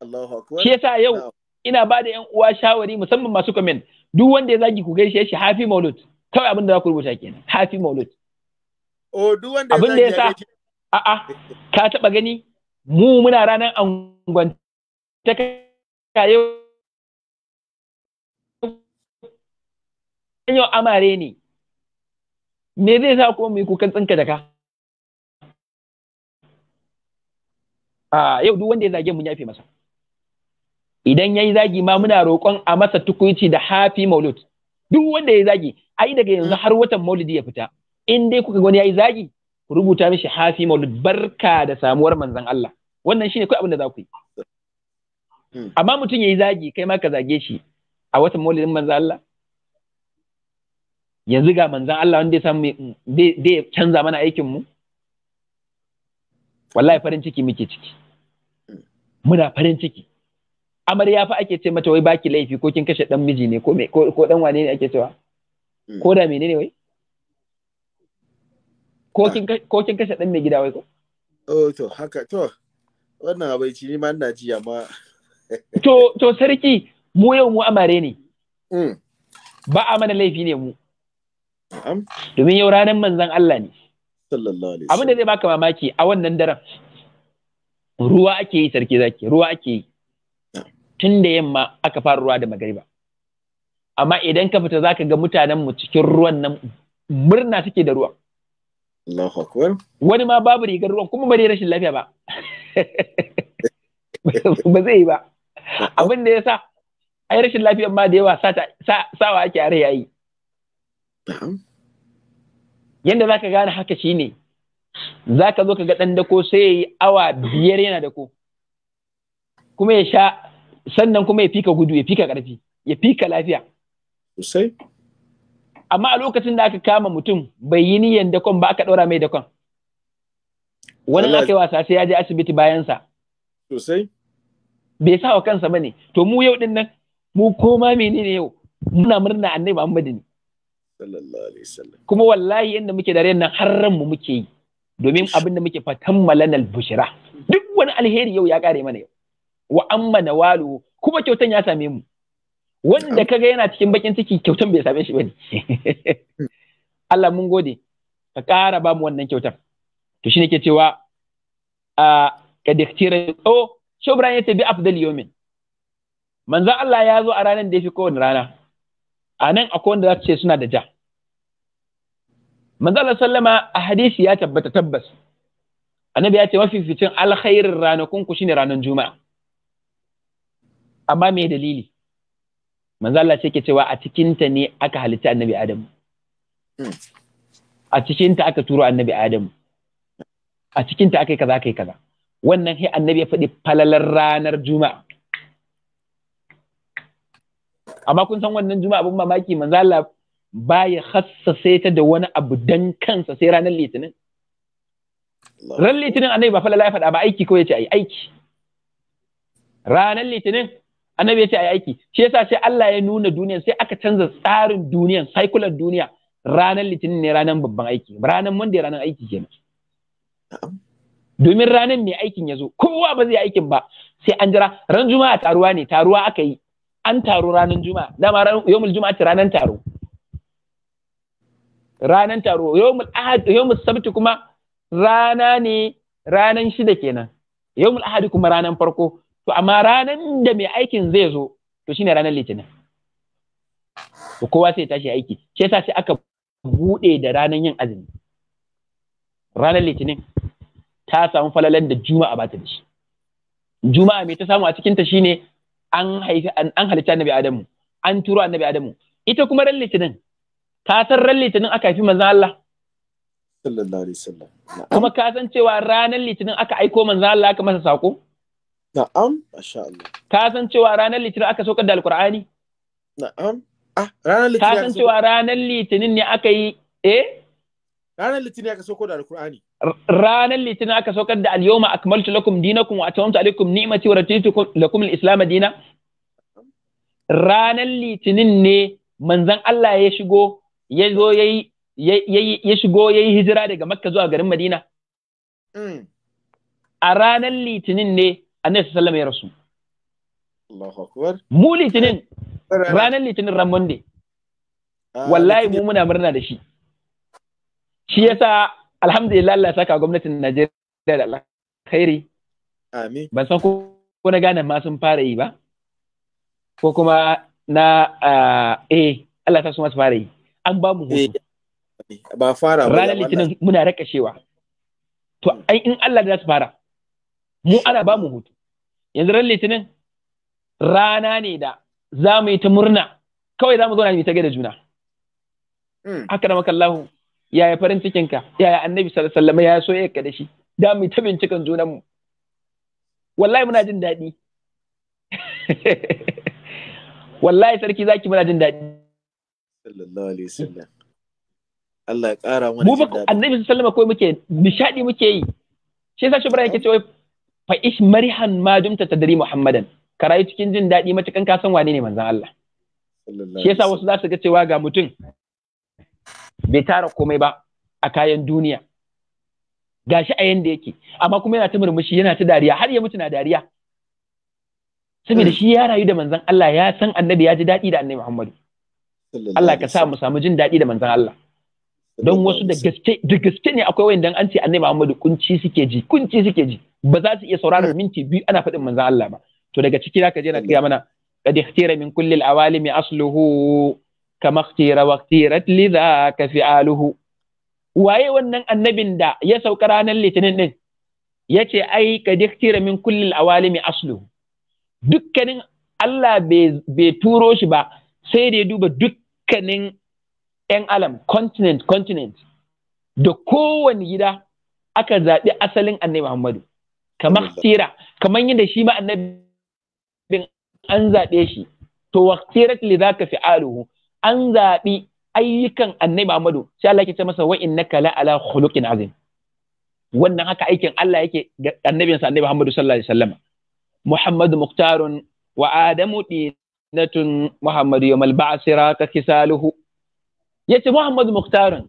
Allahu akbar shi yasa yau ina ba da yan uwa shawari musamman masu comment duk wanda ya zagi ku gaishe shi hafi maulud kawai abin da za ku rubuta kenan hafi maulud o oh, duk wanda abin da yasa a'a ka taba gani mu muna ranar angwantaka yau yau amare ne me zai sa ko mu kukan tsinka da ka a yau duk wanda ya zage mun yafe masa idan ya yi zagi ma muna roƙon a masa tukuici da hafi maulud duk wanda ya zagi ai daga yanzu har watan maulidi ya fita in dai kuka gani ya yi zagi ku rubuta mishi hafi maulud barka da samuwar manzan Allah wannan shine kai abin da za ku yi hmm. amma mutum ya yi zagi kai ma ka zage shi a watan maulidin manzan Allah yanzu ga manzan Allah wanda ya samu zai canza mana aikin mu wallahi farin ciki muke ciki muna farin ciki amarya fa ake ce mata wai baki laifi ko kin kashe dan miji ne ko ko dan wane ne ake cewa mm. ko da menene wai ko ah. kin ko kin kashe dan mai gida wai ko oh to haka to wannan ci ni ma ina ji amma to to sarki mu yau mu amare ne mm. ba a mana laifi ne mu Domin yau ranar manzan Allah ne. Abin da zai baka mamaki a wannan daren. Ruwa ake yi sarki zaki, ruwa ake yi. Tun da yamma aka fara ruwa da magariba. Amma idan ka fita zaka ga mutanen mu cikin ruwan nan murna suke da ruwan. Allahu akbar. Wani ma babu rigar ruwan kuma ba rashin lafiya ba. Ba zai yi ba. Abin da ya sa ai rashin lafiyan ma da yawa sawa ake a yayi. Yanda za ka gane haka shi ne, za ka zo ka ga ɗan dako sai ya yi awa biyar yana dako, kuma ya sha sannan kuma ya fika gudu, ya fika ƙarfi, ya fika lafiya. sai Amma a lokacin da aka kama mutum bai yi niyan dakon ba aka ɗora mai dakon. Wani aka yi wasa sai ya je asibiti bayansa. Sosai. Bai sa wa kansa ba ne, to mu yau ɗin nan, mu koma menene yau, muna murna annabi Muhammadu ne. sallallahu alaihi wasallam kuma wallahi yanda muke da nan har mu muke yi domin abinda da muke fatan malanal bushira duk wani alheri yau ya kare mana yau wa amma nawalu kuma kyautan ya same mu wanda kaga yana cikin bakin ciki kyautan bai same shi bane Allah mun gode ka ƙara ba mu wannan kyautan to shine ke cewa a kad o shobran yace bi afdal yawmin manzo Allah ya zo a ranar da yafi kowane rana a nan akwai wanda za su ce suna da ja manzala sallama a hadisi ya tabbata tabbas annabi ya ce mafificin alkhairin ranakun ku shine ranar juma'a amma me dalili manzala ce ke cewa a cikinta ne aka halitta annabi adam a cikinta aka turo annabi adam a cikinta aka yi kaza aka kaza wannan sai annabi ya faɗi falalar ranar juma'a amma kun san wannan juma'a abin mamaki manzo Allah ya hassase ta da wani abu dan kansa sai ranar litinin ran litinin annabi ba falala ya faɗa ba aiki kawai ya ce ai aiki ranar litinin annabi ya ce ai aiki shi yasa sai Allah ya nuna duniya sai aka canza tsarin duniya cycle duniya ranar litinin ne ranar babban aiki ranar monday ranar aiki kenan domin ranar mai aikin ya zo kowa ba zai aikin ba sai an jira ran juma'a taruwa ne taruwa aka yi an taru ranar juma'a dama juma'a ce ranar taro ranar taro yawmul ahad sabti kuma rana ne ranar shida kenan yawmul ahadi kuma ranar farko to amma ranar da mai aikin zai zo to shine ranar litinin to kowa sai tashi aiki shi yasa sai aka bude da ranar yin azumi ranar litinin ta samu falalan da juma'a ba ta da shi juma'a mai ta samu a cikinta shine an haifi an halitta annabi Adamu an turo annabi Adamu ita kuma ran litinin ka san ran litinin aka haifi manzon Allah sallallahu alaihi wasallam kuma ka san cewa ranar litinin aka aiko manzon Allah aka masa sako na'am masha Allah ka san cewa ranar litinin aka saukar da alqur'ani na'am ah ranar litinin ka san cewa ranar litinin ne aka yi eh ranar litinin aka sauko da alkur'ani ranar litinin aka saukar da al-yawma akmaltu lakum dinakum wa atamamtu alaykum ni'mati wa raditu lakum al-islam dina ranar litinin ne manzon Allah ya shigo ya zo yayi ya shigo yayi hijira daga Makka zuwa garin Madina mm. a ranar litinin ne annabi sallallahu ya rasu Allahu akbar mu litinin ranar litinin ran ne ah, wallahi mu muna murna da shi shi yasa alhamdulillah Allah ya saka gwamnatin Najeriya da alkhairi amin ban san ko na gane ma sun fara yi ba ko kuma na eh Allah ta su masu fara yi an ba mu eh, hutu ba fara ba ranar litinin muna rakashewa to ai in Allah da su fara mu ana ba mu hutu yanzu ran litinin rana ne da za mu yi ta murna kawai za mu zauna mu ta gaida juna hmm. haka da makallahu yaya farin cikin ka yaya annabi sallallahu alaihi wasallam ya so ka da shi da mu ta bincikan junan mu wallahi muna jin daɗi wallahi sarki zaki muna jin daɗi sallallahu alaihi wasallam Allah ya kara mana mu ba annabi sallallahu alaihi wasallam kawai muke nishadi muke yi shi yasa shubra yake cewa fa ish marihan ma dumta tadri muhammadan ka rayu cikin jin daɗi matukan ka san wane ne manzon Allah shi yasa wasu za su ga cewa ga mutum bai tara komai ba a kayan duniya shi a yanda yake amma kuma yana ta murmushi yana ta dariya har ya mutu na dariya saboda shi ya rayu da manzan, Allah ya san annabi ya ji daɗi da annabi Muhammadu Allah ka sa mu samu jin daɗi da manzan Allah don wasu da gaske ne akwai wayan dan an ce annabi Muhammadu kunci suke ji kunci suke ji ba za su iya sauraron hmm. minti biyu ana faɗin manzan Allah ba to daga ciki zaka je na kiya mana qad ikhtira min kulli al-awalimi asluhu kama ikhtira wa ikhtirat lidhaka aluhu. waye wannan annabin da ya sauka ranar litinin din yace ai ka ikhtira min kulli awalimi aslu dukkanin Allah bai turo shi ba sai da ya duba dukkanin 'yan alam continent continent da kowane gida aka zaɓi asalin annabi Muhammadu kamar tira kamar yadda shi ma annabin an zaɓe shi to waqtirat li zaka fi'aluhu an zaɓi ayyukan annabi Muhammadu sai Allah yake ce masa wa innaka la ala khuluqin azim wannan haka aikin Allah yake ga annabinsa annabi Muhammadu sallallahu alaihi wasallam Muhammadu Muktarun wa Adamu dinatun Muhammadu yawmal ba'sira ka kisaluhu yace Muhammadu Muktarun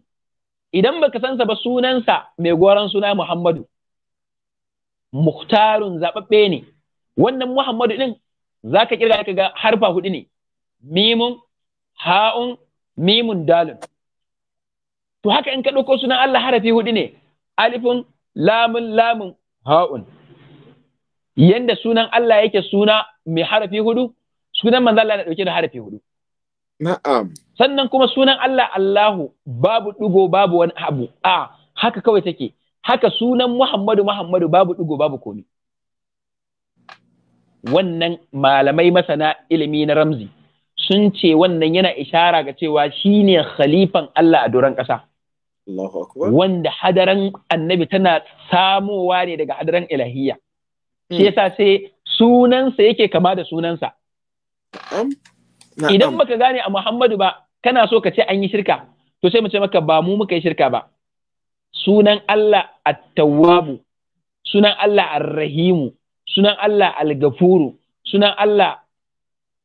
idan baka san sa ba sunan sa mai goran suna Muhammadu Muktarun zababbe ne wannan Muhammadu din zaka kirga ka ga harfa hudu ne mimun ha'un mimun dalun to haka in ka ɗauko sunan Allah harafi hudu ne alifin lamun lamun ha'un yanda sunan Allah yake suna mai harafi hudu sunan manzo Allah na dauke da harafi hudu na'am sannan kuma sunan Allah Allahu babu ɗugo babu wani abu a haka kawai take haka sunan Muhammadu Muhammadu babu ɗugo babu komi wannan malamai masana ilimi na ramzi sun ce wannan yana ishara ga cewa shine khalifan Allah a doron ƙasa. Wanda hadaran annabi tana samowa ne daga hadaran ilahiyya. Shi hmm. yasa sai sunansa yake kama da sunansa. Idan baka gane a Muhammadu ba, kana so ka ce an yi shirka, to sai mu ce maka ba mu muka yi shirka ba. Sunan Allah at-tawwabu, sunan Allah ar-rahimu, sunan Allah al-gafuru, sunan Allah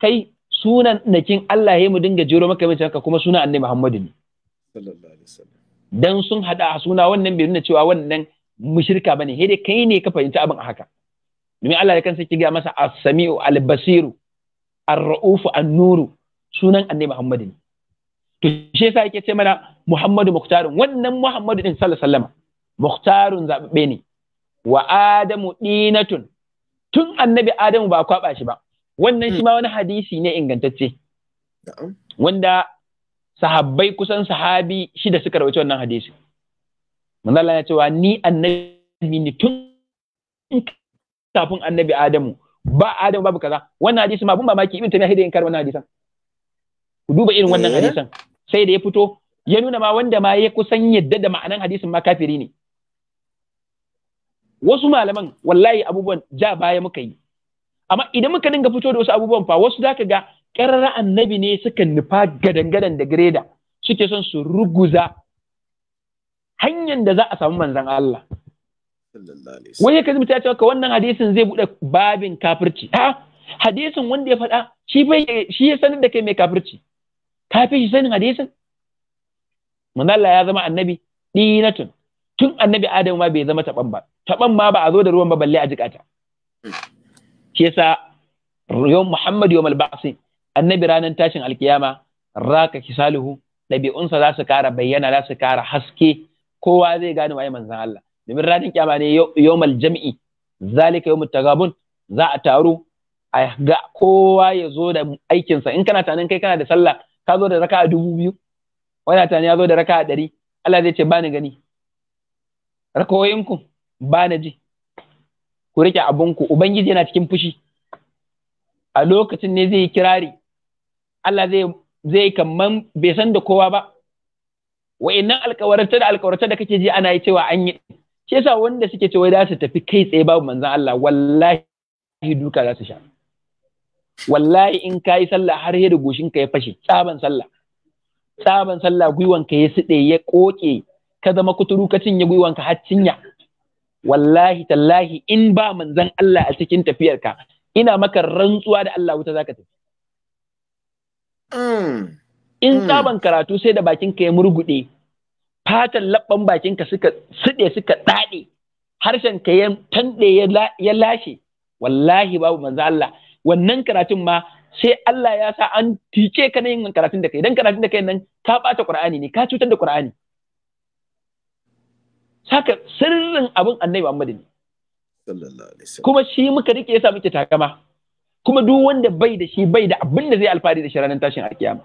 kai sunan nakin Allah ya mu dinga jero maka mai haka kuma sunan annabi Muhammadu ne dan sun hada a suna wannan bai nuna cewa wannan mushrika bane sai dai kai ne ka fahimta abin a haka domin Allah ya kansa kiga masa as-sami'u al-basiru ar-ra'ufu an-nuru sunan annabi Muhammadu ne to shi yasa yake ce mana Muhammadu Muktarun wannan Muhammadu din sallallahu alaihi wasallam Muktarun zababbe ne wa Adamu dinatun tun annabi Adamu ba kwaba shi ba wannan hmm. shi ma wani hadisi ne ingantacce wanda sahabbai kusan sahabi shida suka rawaito wannan hadisi manzala ya cewa ni annabi ne tun kafin annabi Adamu ba Adamu babu kaza wannan hadisi ma abun mamaki ibn Taymiyyah da kar wannan hadisan ku duba irin wannan eh? hadisan sai da ya fito ya nuna ma wanda ma ya kusan yadda da ma'anan hadisin ma kafiri ne wasu malaman wallahi abubuwan ja baya muka yi amma idan muka dinga fito da wasu abubuwan fa wasu zaka ga karara annabi ne suka nufa gadangadan da greda suke son su ruguza hanyar da za a samu manzan Allah wai ka zubta cewa wannan hadisin zai buɗe babin kafirci Ha! hadisin wanda ya faɗa shi shi ya sanar da kai mai kafirci fi shi sanin hadisin manzon Allah ya zama annabi dinatun tun annabi Adamu ma bai zama taɓan ba taɓan ma ba a zo da ruwan ba balle a jikata hmm. shi yasa yawm Muhammad yawan al annabi ranar tashin alkiyama raka Salihu, ɗabi'unsa za su ƙara bayyana za su ƙara haske kowa zai gane waye manzon Allah domin ranar kiyama ne yawan jam'i zalika yawan tagabun za a taru a ga kowa ya zo da aikinsa in kana tanin kai kana da sallah ka zo da raka a dubu biyu wani tani ya zo da raka a ɗari Allah zai ce bani gani ba bani ji ku rike ku. ubangiji yana cikin fushi a lokacin ne zai kirari Allah zai zai kamman bai san da kowa ba wa'annan alkawarta da alkawarta da kake ji ana yi cewa an yi shi yasa wanda suke cewa za su tafi kai tsaye babu manzon Allah wallahi duka za su sha wallahi in kayi sallah har da goshin ka ya fashe tsaban sallah tsaban sallah gwiwanka ya siɗe ya koke ka zama kuturu ka cinye gwiwan har cinya wallahi tallahi in ba manzan Allah a cikin tafiyarka ina maka rantsuwa da Allah wuta zaka tafi hmm. in hmm. tsaban karatu sai da bakin ka ya murgude fatan labban bakin ka suka sude suka dade harshen ka ya tande ya lashe wallahi babu manzan Allah wannan karatun ma sai Allah ya sa an tike ka yin karatun da kai dan karatun da kai nan ka bata Qur'ani ne ka cutar da Qur'ani haka sirrin abin annabi Muhammad ne kuma shi muka rike yasa muke takama kuma duk wanda bai da shi bai da abin da zai alfahari da shi ranar tashin alkiyama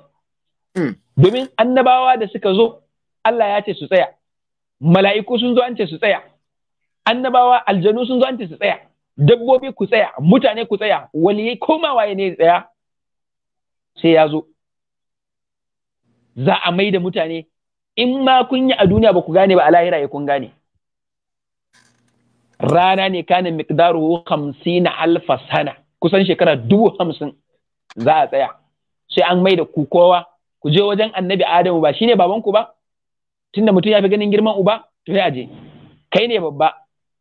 hmm. domin annabawa da suka zo Allah ya ce su tsaya mala'iku sun zo an ce su tsaya annabawa aljanu sun zo an ce su tsaya dabbobi ku tsaya mutane ku tsaya waliyai komawa ne tsaya sai ya zo za a mai da mutane in ma kun yi a duniya ba ku gane ba a lahira ya kun gane rana ne kana miqdaru hamsina alfa sana kusan shekara dubu hamsin za a tsaya sai an mai da ku kowa ku je wajen annabi adamu ba shine babanku ba tunda mutum ya fi ganin girman uba to ya je kai ne babba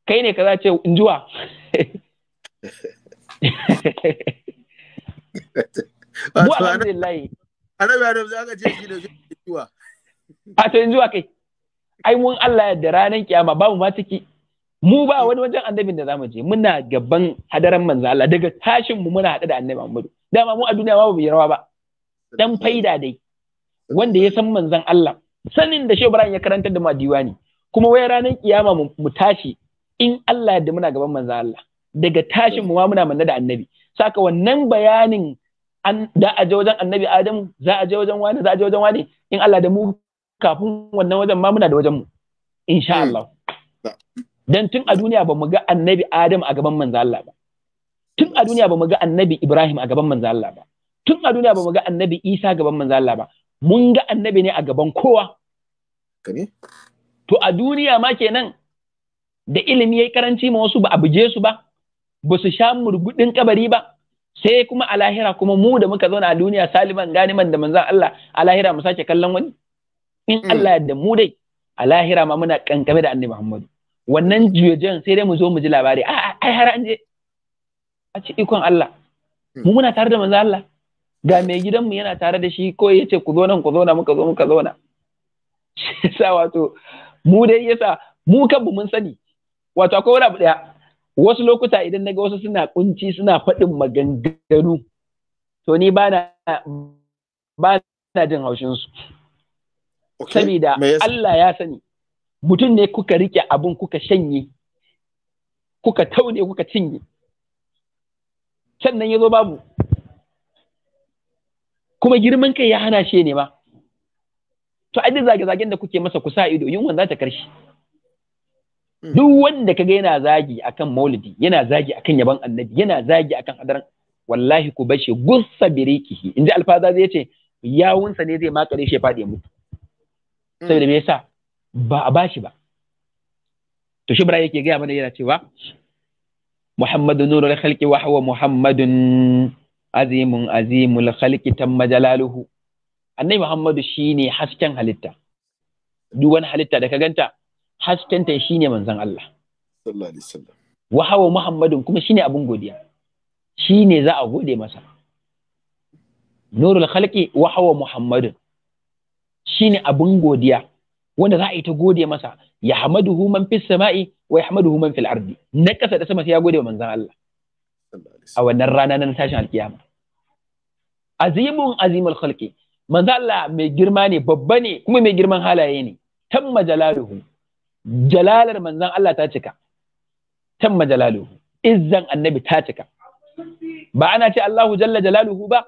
kai ne kaza ce injuwa mu alhamdulillah annabi adamu za ka ce shi da injuwa a yanzu a kai ai mun Allah da ranar kiyama babu ma ciki mu ba wani wajen annabin da za mu je muna gaban hadaran manzo Allah daga tashin mu muna haɗe da annabi Muhammadu. dama mu a duniya ba mu yi rawa ba dan faida dai wanda ya san manzon Allah sanin da shi Ibrahim ya karantar da ma diwani kuma wai ranar kiyama mu tashi in Allah da muna gaban manzon Allah daga tashin mu ma muna manna da annabi saka wannan bayanin an da a je wajen annabi Adamu za a je wajen wani za a je wajen wani in Allah da mu kafin wannan wajen ma muna da wajen mu insha hmm. Allah dan tun a duniya ba mu ga annabi Adam a gaban manzo Allah ba tun a duniya ba mu ga annabi Ibrahim a gaban manzo Allah ba tun a duniya ba mu ga annabi Isa a gaban manzo Allah ba mun ga annabi ne a gaban kowa to a duniya ma kenan da ilimi yayi karanci ma wasu ba a buje su ba ba su sha murgudin kabari ba sai kuma a lahira kuma mu da muka zauna a duniya saliman ganiman da manzo Allah a lahira mu sake kallon wani in mm. Allah da mu dai a lahira ma muna kankame da annabi Muhammadu wannan juyajen sai dai mu zo mu ji labari a ai har an je a ci ikon Allah mm. mu muna tare da manzo Allah ga mai gidanmu yana tare da shi ko ya ce ku zo nan ku zauna muka zo muka zauna shi yasa wato mu dai yasa mu kanmu mun sani wato akwai wani abu daya wasu lokuta idan naga wasu suna kunci suna faɗin maganganu to ni ba na jin haushinsu Okay. Saboda Allah ya sani, mutum ne kuka rike abun kuka shanye, kuka taune kuka cinye. Sannan ya zo babu. Kuma girman kai ya hana shi ne ba To, adin zage-zagen da kuke masa kusa ido, yunwan za ta karshe. Hmm. Duk wanda kaga yana zagi akan maulidi, yana zagi akan yaban annabi, yana zagi akan hadaran, wallahi ku bashi gussa birikihi. In ji alfaza zai ce, yawunsa ne zai makare shi ya faɗi mutu. saboda mm. me yasa ba a bashi ba to shi bara yake gaya mana yana cewa muhammadu nurul khalqi wa huwa muhammadun azimun azimul khalqi tamma jalaluhu annabi muhammadu shine hasken halitta duk wani halitta da ka ganta hasken ta shine manzon Allah sallallahu alaihi wasallam wa huwa muhammadun kuma shine abun godiya shine za a gode masa nurul khalqi wa huwa muhammadun ne abin godiya wanda za a yi ta gode masa ya hamaduhu man fis sama'i wa yahmaduhu man fil ardi na ƙasa da sama sai ya gode wa manzon Allah a wannan rana na tashin alkiyama azimun azimul khalqi manzo Allah mai girma ne babba ne kuma mai girman halaye ne tamma jalaluhu jalalar manzan Allah ta cika tamma jalaluhu izzan annabi ta cika ba ana ce Allahu jalla jalaluhu ba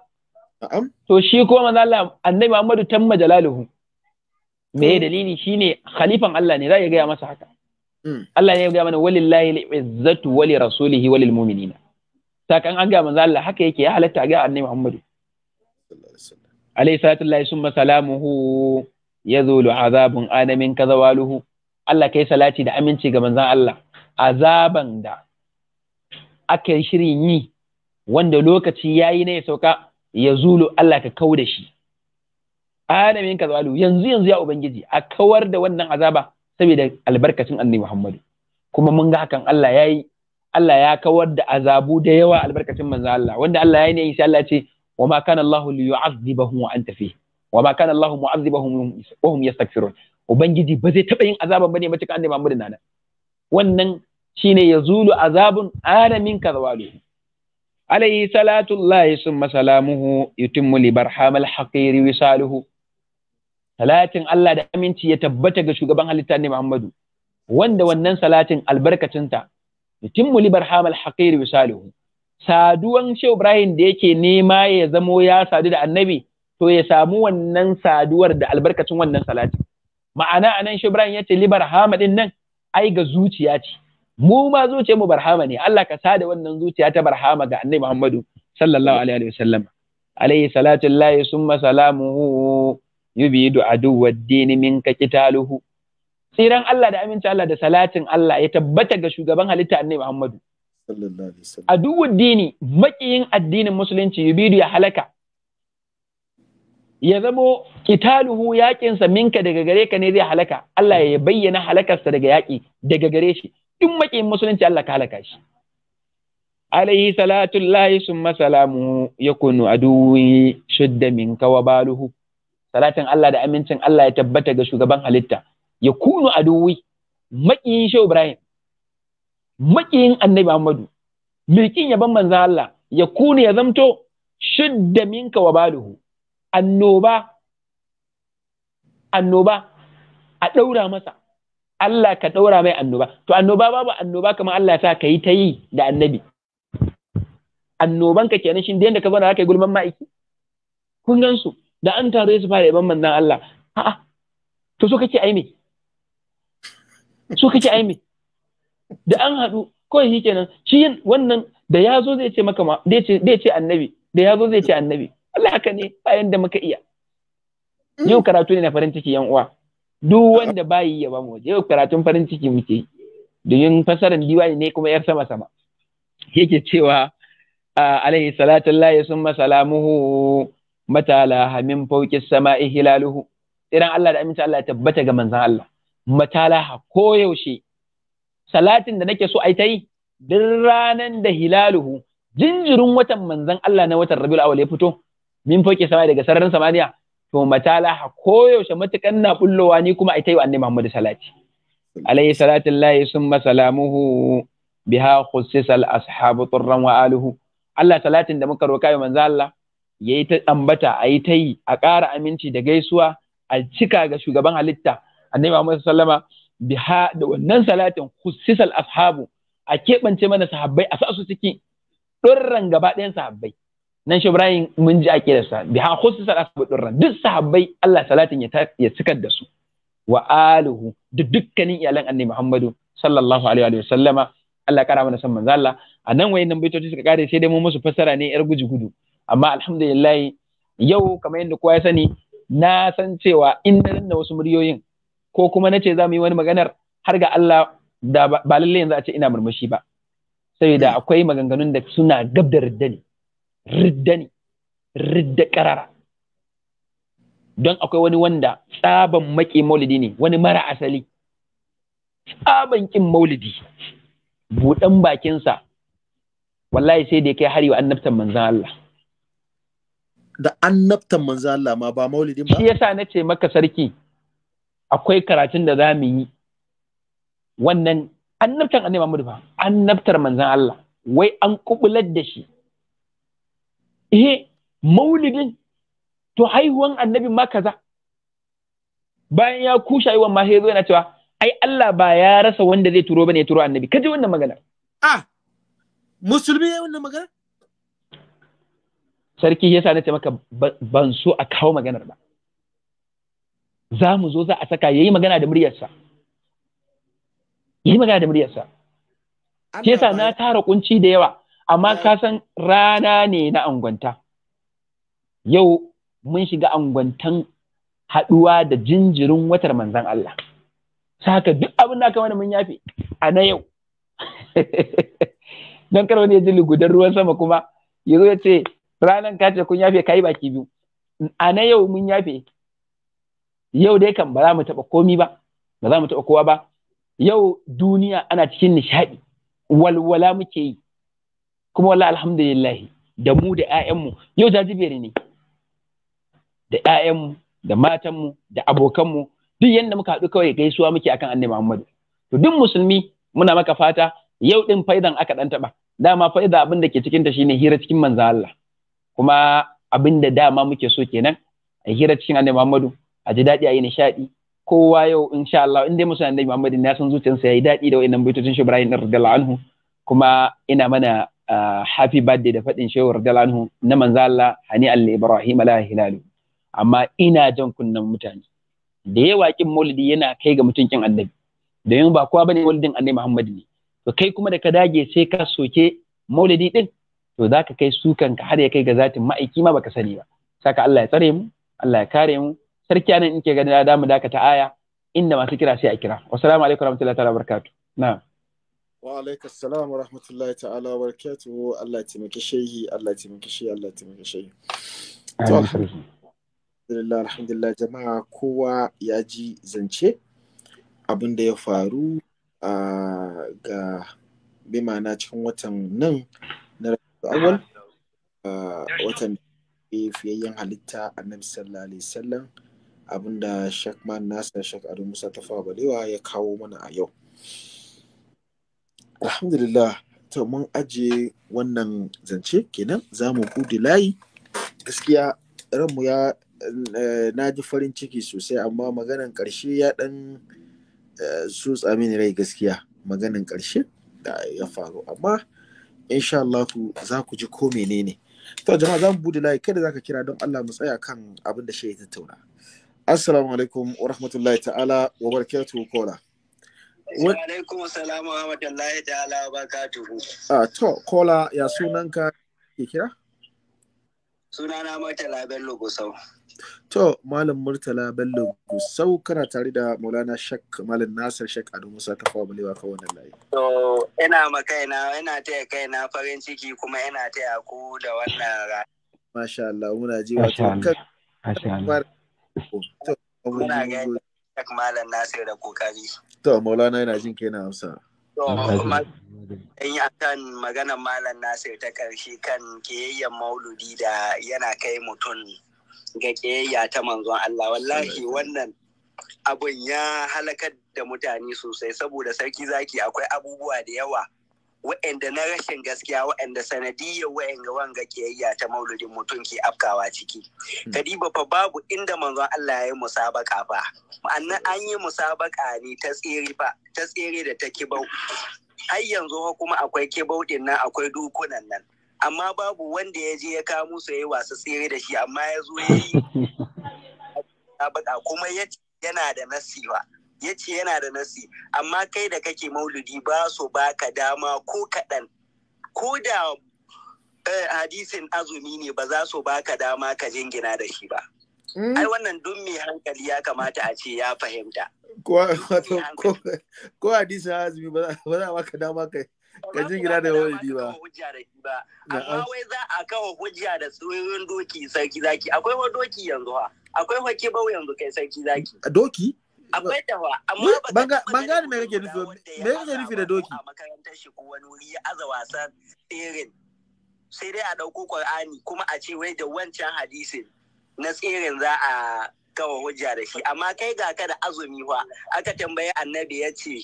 to shi kuma manzo Allah annabi Muhammadu tamma jalaluhu me ya hmm. dalili shine khalifan Allah ne za ya gaya masa haka hmm. Allah ne ya gaya mana walillahi al-izzatu wa rasulihi, wa muminina. sakan an ga manzo Allah haka yake ya halatta ga annabi Muhammadu alayhi salatu lillahi summa salamuhu yazulu azabun adamin kazawaluhu Allah kai salati da aminci ga manzon Allah azaban da aka shirin yi wanda lokaci yayi ne ya sauka ya zulu Allah ka kau da shi adamin ka zalu yanzu yanzu ya ubangiji a kawar da wannan azaba saboda albarkacin annabi Muhammadu kuma mun ga hakan Allah yi Allah ya kawar da azabu da yawa albarkacin manzo Allah wanda Allah ya yi ne insha Allah ce wa ma kana Allah li yu'azzibahum wa anta fihi wa ma kana Allah mu'azzibahum wa hum yastaghfirun ubangiji ba zai taba yin azaban bane kan annabi Muhammadu nana wannan shine yazulu azabun adamin ka zalu alayhi salatullahi summa salamuhu yutimmu li barhamal haqiri wisaluhu salatin Allah da aminci ya tabbata ga shugaban halitta ne Muhammadu wanda wannan salatin albarkacinta yutimmu li barhamal haqiri wisaluhu saduwan Shehu Ibrahim da yake nema ya zamo ya sadu da annabi to ya samu wannan saduwar da albarkacin wannan salati ma'ana anan Shehu Ibrahim yace libar hamadin nan ai ga zuciya ce mu ma zuciyar mu barhama ne Allah ka sada wannan zuciya ta barhama ga annabi Muhammadu sallallahu alaihi wa sallam alaihi salatu llahi summa salamuhu yubidu aduwwad dini minka kitaluhu. tsiran Allah da aminci Allah da salatin Allah ya tabbata ga shugaban halitta annabi Muhammadu aduwwad dini makiyin addinin musulunci yubidu ya halaka ya zamo kitaluhu yaƙinsa minka daga gare ka ne zai halaka Allah ya bayyana halakarsa daga yaki daga gare shi duk maƙiyin musulunci Allah ka halaka shi Alayhi salatu lahi ya salamu a aduwi shudda min baluhu. salatin Allah da amincin Allah ya tabbata ga shugaban halitta Ya a aduwi maƙiyin Shehu Ibrahim maƙiyin Annabi Muhammadu milkin yaban manzan Allah Ya kunu ya zamto shudda min baluhu. annoba annoba a ɗaura masa Allah ka ɗaura mai annoba to annoba babu annoba kamar Allah ta ka yi ta yi da annabi annoban ka kenan shi da yanda ka zauna ka yi gulman ma'aiki kun gan su da an taro su fara yaban manzon Allah a'a to so kake ai me so kake ai me da an haɗu kawai shi kenan shi yin wannan da ya zo zai ce maka ma ya ce annabi da ya zo zai ce annabi Allah haka ne bayan da muka iya yau karatu ne na farin ciki yan uwa duk wanda bayi ya bamu waje je karatun farin ciki muke domin fasaran diwani ne kuma yar sama sama yake cewa alaihi salatu lahi summa salamuhu matala hamin fauki sama'i hilaluhu idan Allah da aminta Allah ya tabbata ga manzon Allah matalaha yaushe salatin da nake so ai tai yi duk ranan da hilaluhu jinjirin watan manzon Allah na watan Rabiul Awwal ya fito min fauki sama'i daga sararin samaniya to matalaha koyaushe matukan na bullowa ni kuma a yi annabi Muhammad salati alayhi salatu llahi summa salamuhu biha khussisa ashabu turran wa aluhu Allah salatin da muka roka yi manzo Allah yayi ta ambata a ta yi a ƙara aminci da gaisuwa a cika ga shugaban halitta annabi Muhammad sallama biha da wannan salatin khusisal ashabu a keɓance mana sahabbai a sa su ciki ɗurran gaba ɗayan sahabbai nan shi Ibrahim mun ji ake da sa bi ha khususa ran. duk sahabbai Allah salatin ya ya cikar da su wa alihu da dukkanin iyalan annabi Muhammadu sallallahu alaihi wa sallama Allah kara mana san manzo Allah a nan wayin nan baitoci suka kare sai dai mu musu fassara ne yar guji gudu amma alhamdulillah yau kamar yadda kowa ya sani na san cewa in na danna wasu muryoyin ko kuma na ce za mu yi wani maganar har ga Allah da ba lalle yanzu a ce ina murmushi ba saboda akwai maganganun da suna gab da ne ridda ne ridda karara don akwai wani wanda tsaban maƙi maulidi ne wani mara asali tsaban ƙin maulidi buɗan bakinsa wallahi sai da ya kai hari wa annabtan manzan Allah da annabtan manzan Allah ma ba maulidin ba shi yasa na ce maka sarki akwai karatun da za mu yi wannan annabtan annabi ba annabtar manzan Allah wai an kubular da shi eh maulidin to haihuwan annabi ma kaza bayan ya kusha haihuwan ma sai zo yana cewa ai Allah ba ya rasa wanda zai turo bane ya turo annabi kaji wannan magana ah musulmi ya wannan magana sarki yasa na maka ban so a kawo maganar ba za mu zo za a saka yayi magana da muryarsa yayi magana da muryarsa yasa na tara kunci da yawa amma ka san rana ne na angwanta yau mun shiga angwantan haɗuwa da jinjirin watar manzan Allah saka duk abin da kamar mun yafe a na yau don kar wani ya ji lugudan ruwan sama kuma ya ya ce ranar ka ce kun yafe ka yi baki biyu a na yau mun yafe yau dai kan ba za mu taɓa komi ba ba za mu taɓa kowa ba yau duniya ana cikin nishaɗi walwala muke yi kuma wallahi alhamdulillah da mu da ƴaƴanmu yau jajibere ne da ƴaƴanmu da matanmu da abokanmu duk yanda muka haɗu kawai gaisuwa muke akan annabi Muhammad to duk musulmi muna maka fata yau din faidan aka dan taba dama faida abin da ke cikin ta shine hira cikin manzo Allah kuma abin da dama muke so kenan a hira cikin annabi Muhammad a ji daɗi a yi nishaɗi kowa yau insha Allah in dai musulmi annabi Muhammadu na san zuciyarsa yayi daɗi da wayannan baitocin Ibrahim radiyallahu anhu kuma ina mana Ah, happy birthday da faɗin shehu radiyallahu na manzo Allah hani al ibrahim ala hilalu amma ina jan kunnan mutane da yawa kin maulidi yana kai ga mutum kin annabi yin ba kowa bane maulidin annabi Muhammad ne to kai kuma da ka dage sai ka soke maulidi din to zaka kai sukan ka har ya kai ga zatin ma'aiki ma baka sani ba saka Allah ya tsare mu Allah ya kare mu sarki anan in ke ganin da mu dakata aya inda masu kira sai a kira wassalamu alaikum warahmatullahi wabarakatuh na'am wa alaikar salam wa rahmatullahi ta'ala wa barakatuhu Allah taimaki shehi Allah taimaki shehi Allah taimaki shehi to alhamdulillah alhamdulillah jama'a kowa ya ji zance abin da ya faru ga bi ma'ana cikin watan nan na awal watan fiyayyen halitta annabi sallallahu alaihi wasallam abinda shakman nasar shak adu musa ta balewa ya kawo mana a yau alhamdulillah to mun aje wannan zance kenan za mu bude layi gaskiya ranmu ya eh, na ji farin ciki sosai amma maganan ƙarshe ya ɗan su eh, tsamini rai gaskiya maganan karshe da ya faru amma insha Allah za ku ji ko menene to jama'a za mu bude layi kada za ka kira don Allah mu tsaya kan abin da shi ya tattauna assalamu alaikum wa rahmatullahi ta'ala wa barakatuhu kola alaikum salamu wa rahmatullahi ta'ala wa barakatuhu. Ah, to, kola ya sunanka ke kira? Sunana Murtala Bello Gusau. To, Malam Murtala Bello Gusau kana tare da Maulana Shak Malam Nasir Shak Ado Musa ta fawa balewa ka wannan layi. To, ina ma kaina, ina taya kaina farin ciki kuma ina taya ku da wannan rana. Masha Allah, muna ji wato kan. Masha Allah. Muna gani Shak Malam Nasir da kokari. To, Maulana yana jin kai Hausa. yi akan maganar Malam Nasir ta ƙarshe kan kiyayyen mauludi da yana kai mutum ga ƙiyayya ta manzon Allah. Wallahi wannan abun ya halakar da mutane sosai saboda sarki zaki akwai abubuwa da yawa wa'anda na rashin gaskiya wa'anda sanadiyar wa'anga wanga kiyayya ta mauludin mutum ke afkawa ciki hmm. kadiba fa babu inda manzon Allah ya yi musabaka fa ma'ana an yi musabaka ne ta tsere fa ta tsere da ta kibau har yanzu kuma akwai kibau din nan akwai dukunan nan amma babu wanda ya je ya musu su yi wasu tsere da shi amma ya zo ya yi kuma yana da nasiwa ya ce yana da nasi amma kai da kake maulidi ba su baka dama ko kaɗan ko da eh, hadisin azumi ne ba za su baka dama ka jingina da shi ba mm. ai wannan duk mai hankali ya kamata a ce ya fahimta ko hadisin azumi ba za baka dama ka ka jingina da maulidi ba amma ah. wai za a kawo hujja da tsohon doki sarki zaki akwai wa doki yanzu ha akwai wa kibau yanzu kai sarki zaki doki akwai dawa amma ban gane me kake nufi me kake nufi da doki a makarantar shi ko wani wuri ya aza wasan tseren sai dai a dauko qur'ani kuma a ce wai da wancan hadisin na tseren za a kawo hujja da shi amma kai ga ka da azumi fa aka tambaye annabi ya ce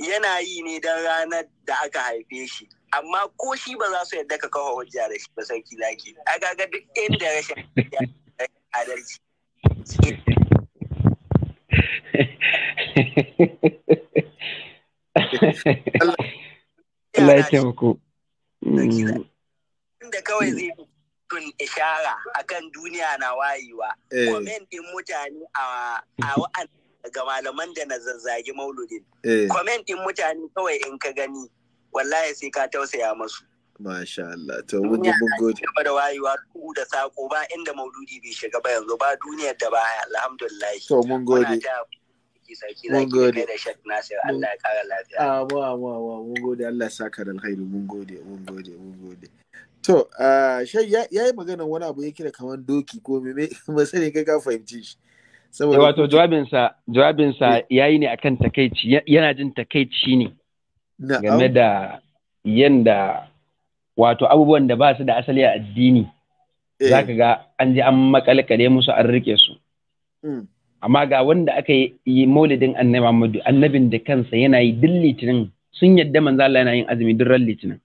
yana yi ne dan ranar da aka haife shi amma ko shi ba za su yadda ka kawo hujja da shi ba sarki laki a ga duk inda rashin adalci Allah ya taimako. Mm. Inda kawai zai tun ishara akan duniya na wayewa. Komen eh. ɗin mutane a wa'an ga malaman da na zazzagi mauludin. Komen eh. ɗin mutane kawai in ka gani wallahi sai ka tausaya masu. Masha Allah, to mun ji mun gode. Gaba da wayewa ku da sako ba inda mauludi bai shiga ba yanzu ba duniyar da baya alhamdulillah. To mun gode. Mun gode. Allah ya kara lafiya. Amu amu amu mun gode Allah ya saka da alkhairi mun gode mun gode mun gode. To, shai ya yi magana wani abu ya kira kamar doki ko me ne kai ka fahimci shi. Saboda wato jawabinsa jawabinsa eh. yayi ne akan takaici yana jin takaici ne game da yanda wato abubuwan da ba su da asali a addini eh. za ka ga an ji an makalkale musu an rike su mm. amma ga wanda aka yi maulidin annabi Muhammadu annabin da kansa yana yi duk litinin sun yadda manzo Allah yana yin azumi duk ran litinin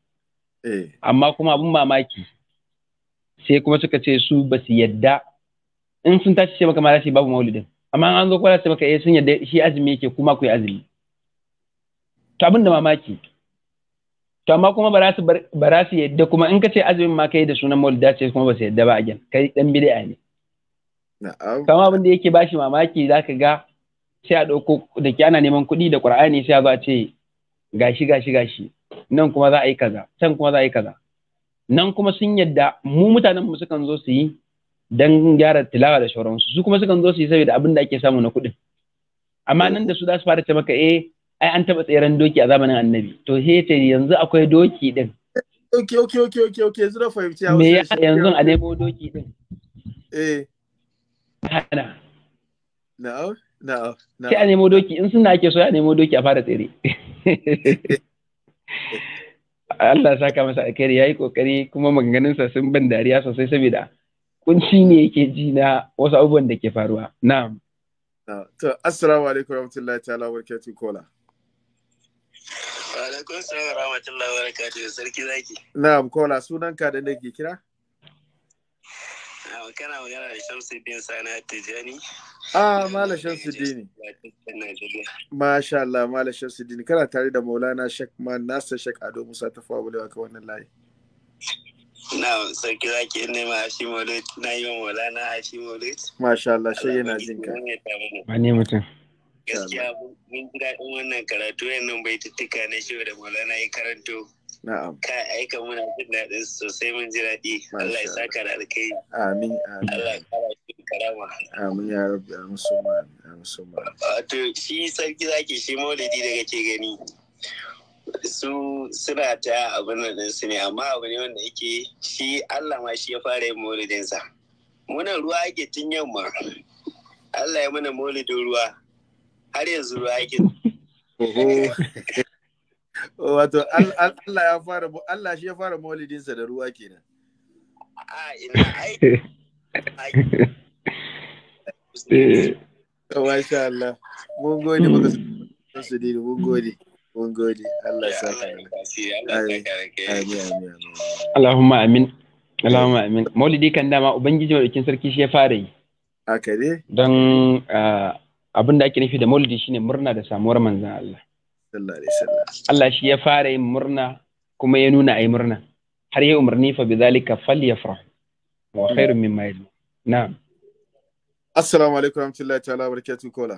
eh. amma kuma abin mamaki sai kuma suka ce su ba su yadda in sun tashi ce maka ma za su babu maulidin amma an zo kwala sai maka eh sun yadda shi azumi yake kuma ku yi azumi to abin da mamaki to amma kuma ba za su yadda kuma in ka ce azumin ma kai da sunan maulid dace kuma ba su yadda ba a kai dan bid'a ne kama abin da yake bashi mamaki za ka ga sai a ɗauko da ke ana neman kuɗi da ƙur'ani sai a ba ce gashi gashi gashi nan kuma za a yi kaza can kuma za a yi kaza nan kuma sun yadda mu mutanen mu sukan zo su yi dan gyara tilawa da shauransu su kuma sukan zo su yi saboda abin da ake samu na kuɗin amma nan da su za su fara ce maka eh ai an taɓa tseren doki a zamanin annabi to he ce yanzu akwai doki din Oke oke oke oke oke yanzu fahimci ya me yanzu a nemo doki din eh hana na'am na'am sai a nemo doki in suna ake so ya nemo doki a fara tsere Allah saka masa alkhairi yayi kokari kuma sa sun ban dariya sosai saboda kunci ne yake ji na wasu abubuwan da ke faruwa na'am to assalamu alaikum rahmatullahi ta'ala wa barakatuh kola Alaikun salam rahmatullahi wa barakatuhu sarki zaki. Na'am kola sunan ka da nake kira? Kana magana da Shamsuddin Sani Tijani. mala ah, Malam Masha Allah kana tare da Maulana Sheikh Man Nasir Sheikh Ado Musa ta fawa bulewa ka wannan layi. Na'am sarki zaki in nema Maulid na yi wa Maulana Maulid. Masha Allah shi yana jin ka. ne mutum. Gaskiya mun ji wannan karatu yannan bai tuttuka na shi da Maulana ya karanto. Na'am. Ka aika muna jin daɗin sosai mun ji daɗi. Allah ya saka da alkai. Amin. Allah ya kara shi karama. Amin ya rabbi amin summa amin summa. Wato shi sarki zaki shi maulidi da kake gani. su suna ta abin da su ne amma abu ne wanda yake shi Allah ma shi ya fara yin maulidinsa. Munan ruwa ake tun yamma. Allah ya mana maulidin ruwa. har yanzu ruwa yake wato Allah ya fara Allah shi ya fara maulidinsa da ruwa kenan a ina ai Masha Allah, mun gode muka su din mun gode, mun gode, Allah sa ka Allahumma amin, Allahumma amin. Maulidi kan dama Ubangiji Maɗaukin Sarki shi ya fara yi. Haka dai Don ah, abin da ake nufi da maulidi shine murna da samuwar manzan Allah Allah shi ya fara yin murna kuma ya nuna a yi murna har ya umarni fa ya fara. wa khairun ma yajma na'am assalamu alaikum warahmatullahi ta'ala barakatuh kola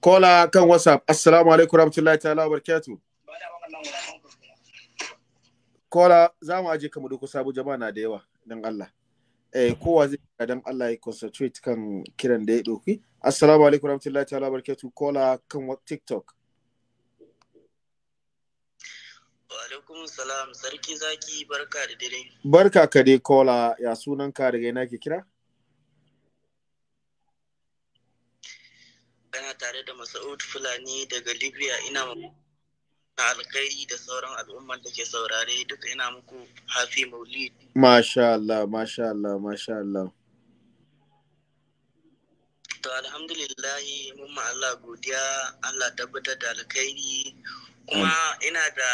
kola kan whatsapp assalamu alaikum warahmatullahi ta'ala barakatuh kola za mu aje kamar duk sabu jama'a na da yawa don Allah eh kowa zai ga don Allah ya concentrate kan kiran da ya doki assalamu alaikum warahmatullahi ta'ala barkatu kola kan tiktok Wa alaikum salam sarki zaki barka da dare barka ka dai kola ya sunan ka daga ina ke kira kana tare da Masaud Fulani daga Libya ina fata alkhairi da sauran al'umman da ke saurare duka ina muku hafi maulid. Masha Allah, masha Allah, masha Allah. To alhamdulillahi mun ma Allah godiya Allah tabbatar da alkhairi kuma ina da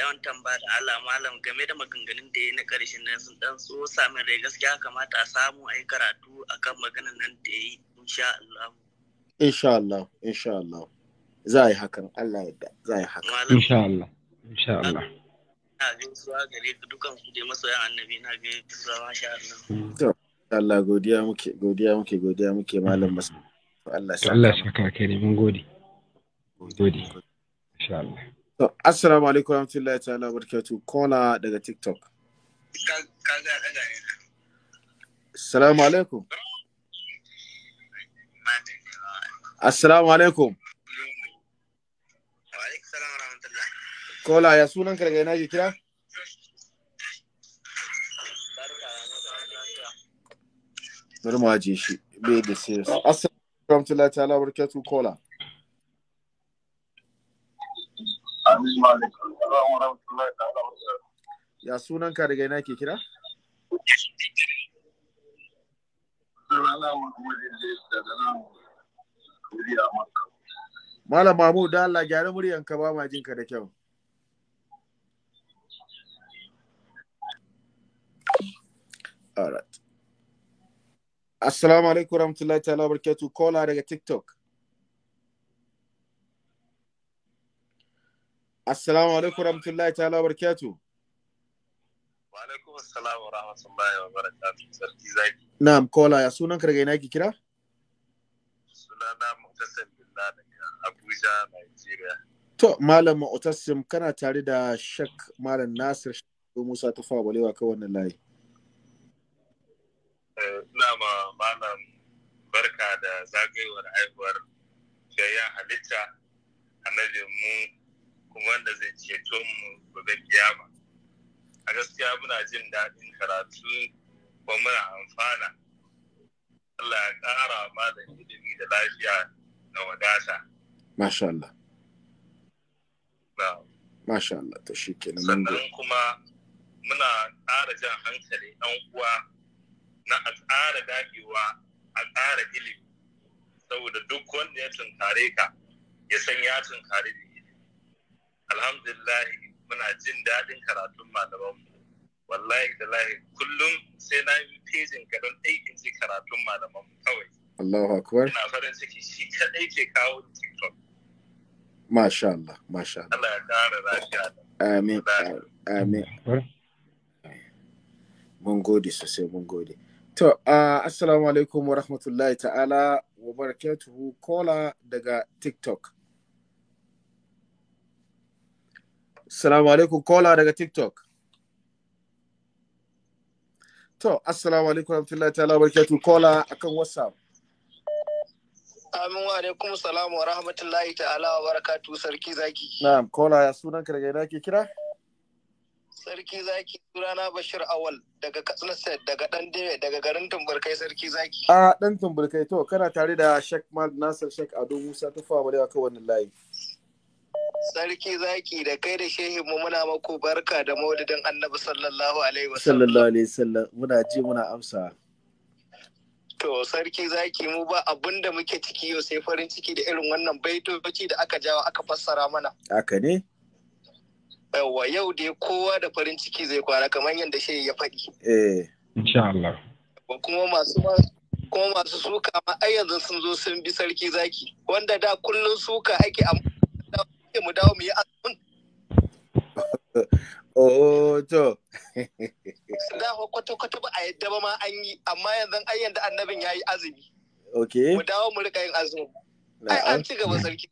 yawan tambaya da Allah malam game da maganganun da ya na karshen nan sun dan so samun rai gaskiya kamata a samu a yi karatu akan maganan nan da ya yi insha Allah. Insha Allah, insha Allah. za a yi hakan Allah ya da za a yi hakan insha Allah insha Allah Allah godiya muke godiya muke godiya muke malam masu Allah ya Allah ya saka ka ne mun gode gode insha Allah to assalamu alaikum warahmatullahi ta'ala barkatu kona daga TikTok ka ga daga ne assalamu alaikum assalamu alaikum Kola ya sunan ka daga yana ke kira? Bari mu aje shi bai da serious. Assalamu alaikum wa ta'ala barakatuh Kola. Ya sunan ka daga yana ke kira? Malam Mahmud, da Allah gyara muryanka ba ma jinka da kyau. all right assalamu alaikum warahmatullahi ta'ala wa barkatu kola daga tiktok assalamu alaikum warahmatullahi ta'ala wa barkatu wa alaikum assalam wa rahmatullahi wa barakatuh sarki zaki na'am kola ya sunan ka daga ina ki kira sunana muhtasim billah daga abuja nigeria to malam muhtasim kana tare da Sheikh malam nasir Musa Tufa Balewa kan wannan layi ina ma malam barka da zagayowar haihuwar ya halitta annabi mu kuma wanda zai ceto mu gobe kiyama a gaskiya muna jin daɗin karatu kuma muna amfana Allah ya ƙara malam ilimi da lafiya da wadata masha Allah masha Allah ta shi kenan sannan kuma muna ƙara jan hankali ɗan uwa na a ƙara dagewa a ƙara ilimi saboda duk wanda ya tunkare ka ya san ya tunkare da ilimi alhamdulillah muna jin daɗin karatun malamanmu wallahi da lahi kullum sai na yi pejin kaɗan aikin ji karatun malamanmu kawai Allahu akbar ina farin ciki shi kaɗai ke kawo tiktok masha Allah masha Allah Allah ya ƙara rafiya amin amin mun gode sosai mun gode To, uh, assalamu alaikum wa rahmatullahi ta'ala wa barakatuhu kola daga TikTok. Assalamu alaikum kola daga TikTok. To, assalamu alaikum wa rahmatullahi ta'ala wa barakatuhu kola akan WhatsApp. Amin wa alaikum salamu wa rahmatullahi ta'ala wa barakatuhu sarki zaki. Na'am, kola ya sunanka daga ina ke kira? sarki zaki sunana Bashir Awal daga Katsina daga dan daga garin Tumburkai sarki zaki. A dan Tumburkai to kana tare da Sheikh Mal Nasir Sheikh Ado Musa Tufa Balewa kan wannan layi. Sarki zaki da kai da shehi mu muna mako barka da maulidin Annabi sallallahu alaihi wasallam. Sallallahu alaihi wasallam muna ji muna amsa. To sarki zaki mu ba abinda da muke ciki yau sai farin ciki da irin wannan baitoci da aka jawo aka fassara mana. Haka ne? yawa yau dai kowa da farin ciki zai kwana kamar yadda shi ya faɗi eh insha Allah kuma masu kuma masu suka ma ai yanzu sun zo sun bi sarki zaki wanda da kullun suka ake amma mu dawo mu yi azumin Oh, to. Da kwata-kwata ba a yadda ba ma an yi, amma yanzu ai yadda annabin ya yi azumi. Ok. Mu dawo mu rika yin azumi. Ai an ci gaba sarki.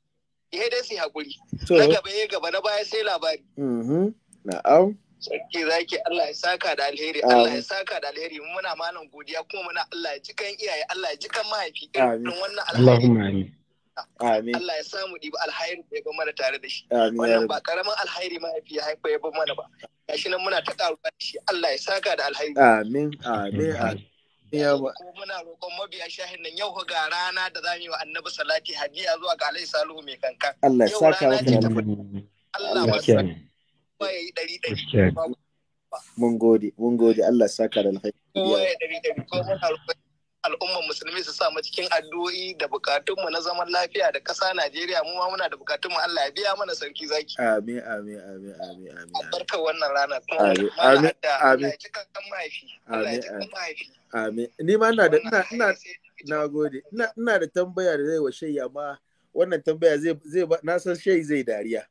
ya dai su haƙuri na gaba ya gaba na baya sai labari mm-hmm. na'am sarki zaki Allah ya saka da alheri Allah ya saka da alheri muna malam godiya kuma muna Allah ya jikan iyaye Allah ya jikan mahaifi irin wannan alheri Amin. Allah ya samu ɗiba alhairi da ya ba mana tare da shi. Wannan ba karamin alhairi mahaifi ya haifa ya ba mana ba. Gashi nan muna ta ƙaruwa da shi Allah ya saka da alhairi. Amin. Amin. Amin. ko muna roƙon mabiya shahin nan yau ga rana da za mu annabi salati hadiya zuwa ga alai salihu mai kankan Allah ya saka wa Allah ya dari dari mun gode mun gode Allah ya saka da al'ummar musulmi su sa mu cikin addu'o'i da bukatunmu na zaman lafiya da kasa Najeriya mu ma muna da bukatunmu Allah ya biya mana sarki zaki. Amin amin amin amin amin. barka wannan rana. Amin amin amin. Allah ya cika mahaifi. Allah ya mahaifi. Amin. Ni ma ina da ina ina na gode. Ina ina da tambaya da zai wa shayi amma wannan tambaya zai zai na san shayi zai dariya.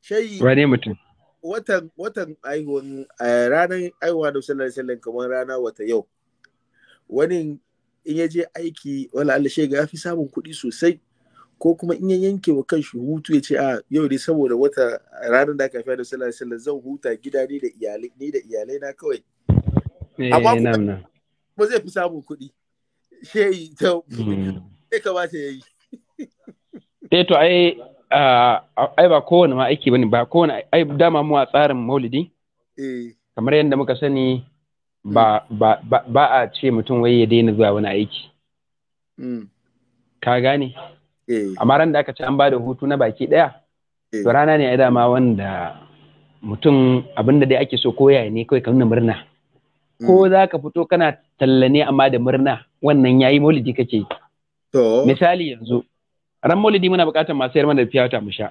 Shayi Wane mutum? Watan watan aihuwan ranar aihuwa da sallallahu alaihi wasallam kamar rana wata yau. Wani in ya je aiki wala Allah shi ga fi samun kuɗi sosai ko kuma in ya yanke wa kanshi hutu ya ce a yau dai saboda wata ranar da aka fi da sallallahu alaihi wasallam zan huta gida ni da iyalai ni da iyalai na kawai. Eh, amma eh, ba zai fi samun kuɗi shehi ta hmm. sai kamata ya yi eh to ai ai ba kowane ma aiki bane ba kowane ai dama mu a tsarin maulidi eh. kamar yadda muka sani hmm. ba a ce mutum wai ya daina zuwa wani aiki hmm. ka gane eh. amma ran da aka ci an ba da hutu na baki ɗaya, eh. to rana ne ai dama wanda mutum abinda dai ake so koya ne kawai ka nuna murna ko za ka fito kana talla ne amma da murna wannan yayi maulidi kake yi to misali yanzu ran maulidi muna buƙatar masu yar mana da fiyata mu sha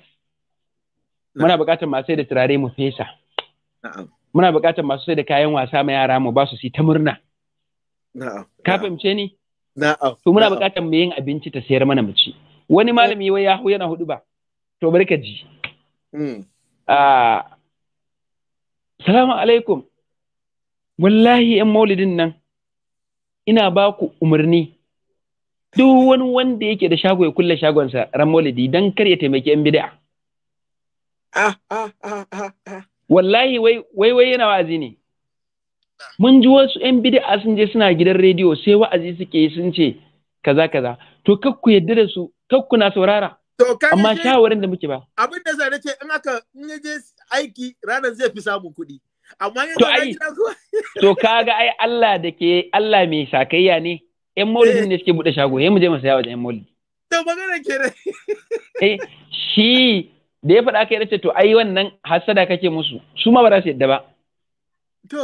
muna buƙatar masu sai da turare mu fesa muna buƙatar masu sai da kayan wasa ma yara mu ba su ta murna ka fahimce ni to muna buƙatar mu yin abinci ta sayar mana mace. wani malami wai hu yana hudu ba to barka ji hmm. ah, salamu alaikum wallahi yan maulidin nan ina ba ku umarni duk wani wanda yake da shago ya kulle shagonsa ran maulidi don kar ya taimaki yan bid'a. Ah, ah, ah, Wallahi wai wai yana wa'azi ne. Mun ji wasu yan bid'a sun je suna gidan rediyo sai wa'azi suke sun ce kaza kaza. To ku yadda da su ku na saurara. Amma shawarin da muke ba. Abin da zai ce in aka in je aiki ranar zai fi samun kuɗi. amma to ai to kaga ai Allah da ke Allah mai sakayya ne yan maulidi eh. ne suke bude shago yayin mu je mu saya wajen yan maulidi to magana kenan eh shi da ya faɗa kai dace, to ai wannan hasada kake musu su ma ba za su yadda ba to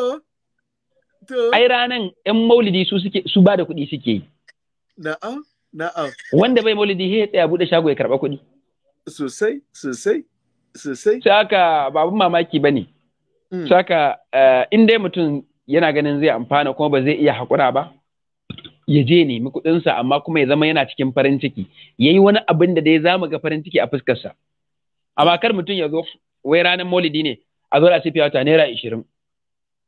to ai ranan yan maulidi su suke su ba da kuɗi suke yi na'am na'am wanda bai maulidi sai ya tsaya bude shago ya karba kuɗi sosai sosai sosai saka babu mamaki bane Mm. Saka eh, in dai mutum yana ganin zai amfana kuma ba zai iya haƙura ba, ya je nemi kuɗinsa amma kuma ya zama yana cikin farin ciki, ya yi wani abin da dai za mu ga farin ciki a fuskarsa. Amma kar mutum ya zo wai ranar molidi ne, a zo da fiye wata naira ishirin,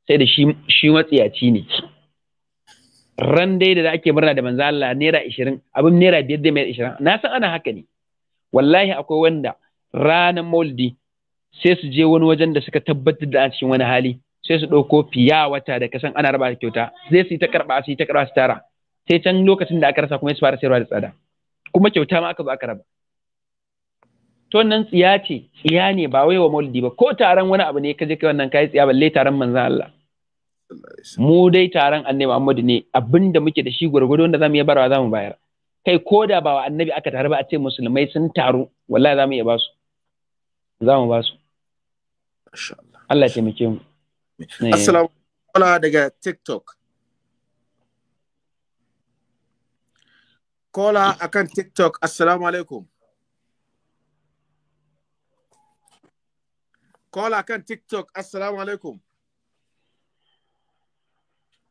sai da shi matsiyaci ne. Ran dai da ake murna da manzo Allah naira ishirin, abin naira biyar da mai ishirin, na san ana haka ne. Wallahi akwai wanda ranar molidi. sai su je wani wajen da suka tabbatar da a cikin wani hali sai su ɗauko fiya wata da kasan ana raba kyauta zai su yi ta karɓa su yi ta karɓa su tara sai can lokacin da aka rasa kuma su fara sayarwa da tsada kuma kyauta ma aka zo aka raba to wannan tsiya ce tsiya ne ba wai wa maulidi ba ko taron wani abu ne ka je kai wannan kai tsiya balle taron manzon Allah mu dai taron annabi Muhammadu ne abinda muke da shi gurgudu wanda zamu iya barawa zamu bayar kai ko da ba wa annabi aka taru ba a ce musulmai sun taru wallahi zamu iya basu zamu basu Allah ya taimake mu assalamu alaikum daga tiktok kola akan tiktok assalamu alaikum kola akan tiktok assalamu alaikum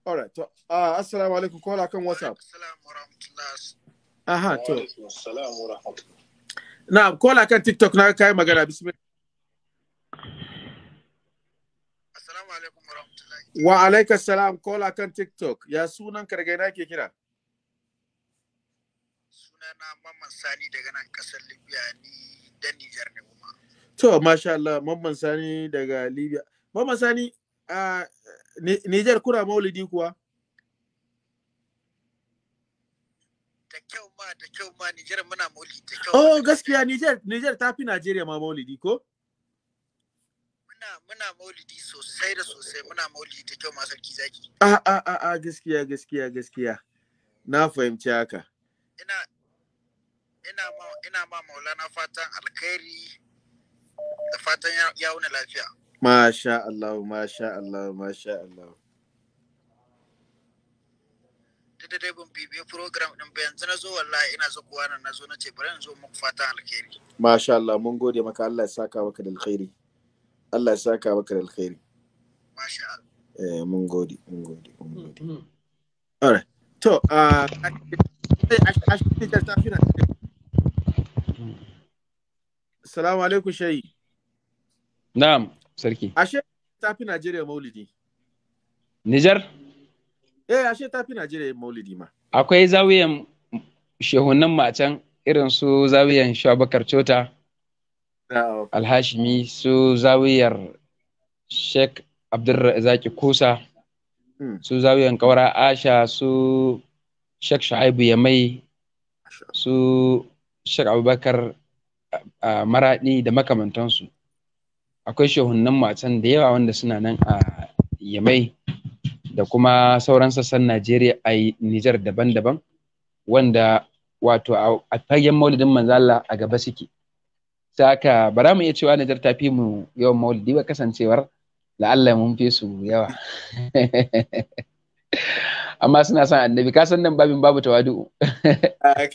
Alright, to, uh, assalamu alaikum kola akan WhatsApp. Assalamu alaikum. Aha, to. Assalamu alaikum. Na, kola akan TikTok na kai magana bismillah. Assalamu alaikum wa rahmatullahi. Wa alaikum salam kola kan TikTok. Ya sunan kargai na ke kira? Sunana Mamman Sani daga nan kasar Libya ni dan Nijar ne kuma. To masha Allah Mamman Sani daga Libya. Mamman Sani a Nijar kuna maulidi kuwa? Da kyau ma da kyau ma Nijar muna maulidi da kyau. Oh gaskiya Nijar niger ta fi ma maulidi ko? muna maulidi sosai da sosai muna maulidi da kyau masu zaki. A a a a gaskiya gaskiya gaskiya. Na fahimci haka. Ina ina ma ina ma maulana fatan alkhairi da fatan ya wuna lafiya. Masha Allah, masha Allah, masha Allah. da dai bin bibiyo program din ba yanzu na zo wallahi ina zo kuwa nan na zo na ce bari in zo muku fatan alkhairi. Masha Allah, mun gode maka Allah ya saka maka da alkhairi. Allah ya saka maka da alkhairi masha Allah eh mun gode mun gode mun hmm, gode hmm. all right to a uh Assalamu alaikum shayi. Na'am, sarki. Ashe tafi Najeriya maulidi. Nijar? Eh, ashe tafi Najeriya maulidi ma. Akwai zawiyan shehunan macen irin su zawiyan Shabakar Cota. alhashimi su zawiyar sheikh abdulrazaki kusa hmm. su zawiyar kaura asha su sheikh shu'aibu yamai su sheikh abubakar maradi da makamantansu akwai shehunan matan da yawa wanda suna nan a yamai da kuma sauran sassan najeriya a nijar daban-daban wanda wato a fagen maulidin manzala a gaba suke saka aka ba za mu iya cewa Nijar ta fi mu yawan maulidi ba kasancewar la'alla mun fi su yawa amma suna son annabi ka san nan babin babu tawadu ah,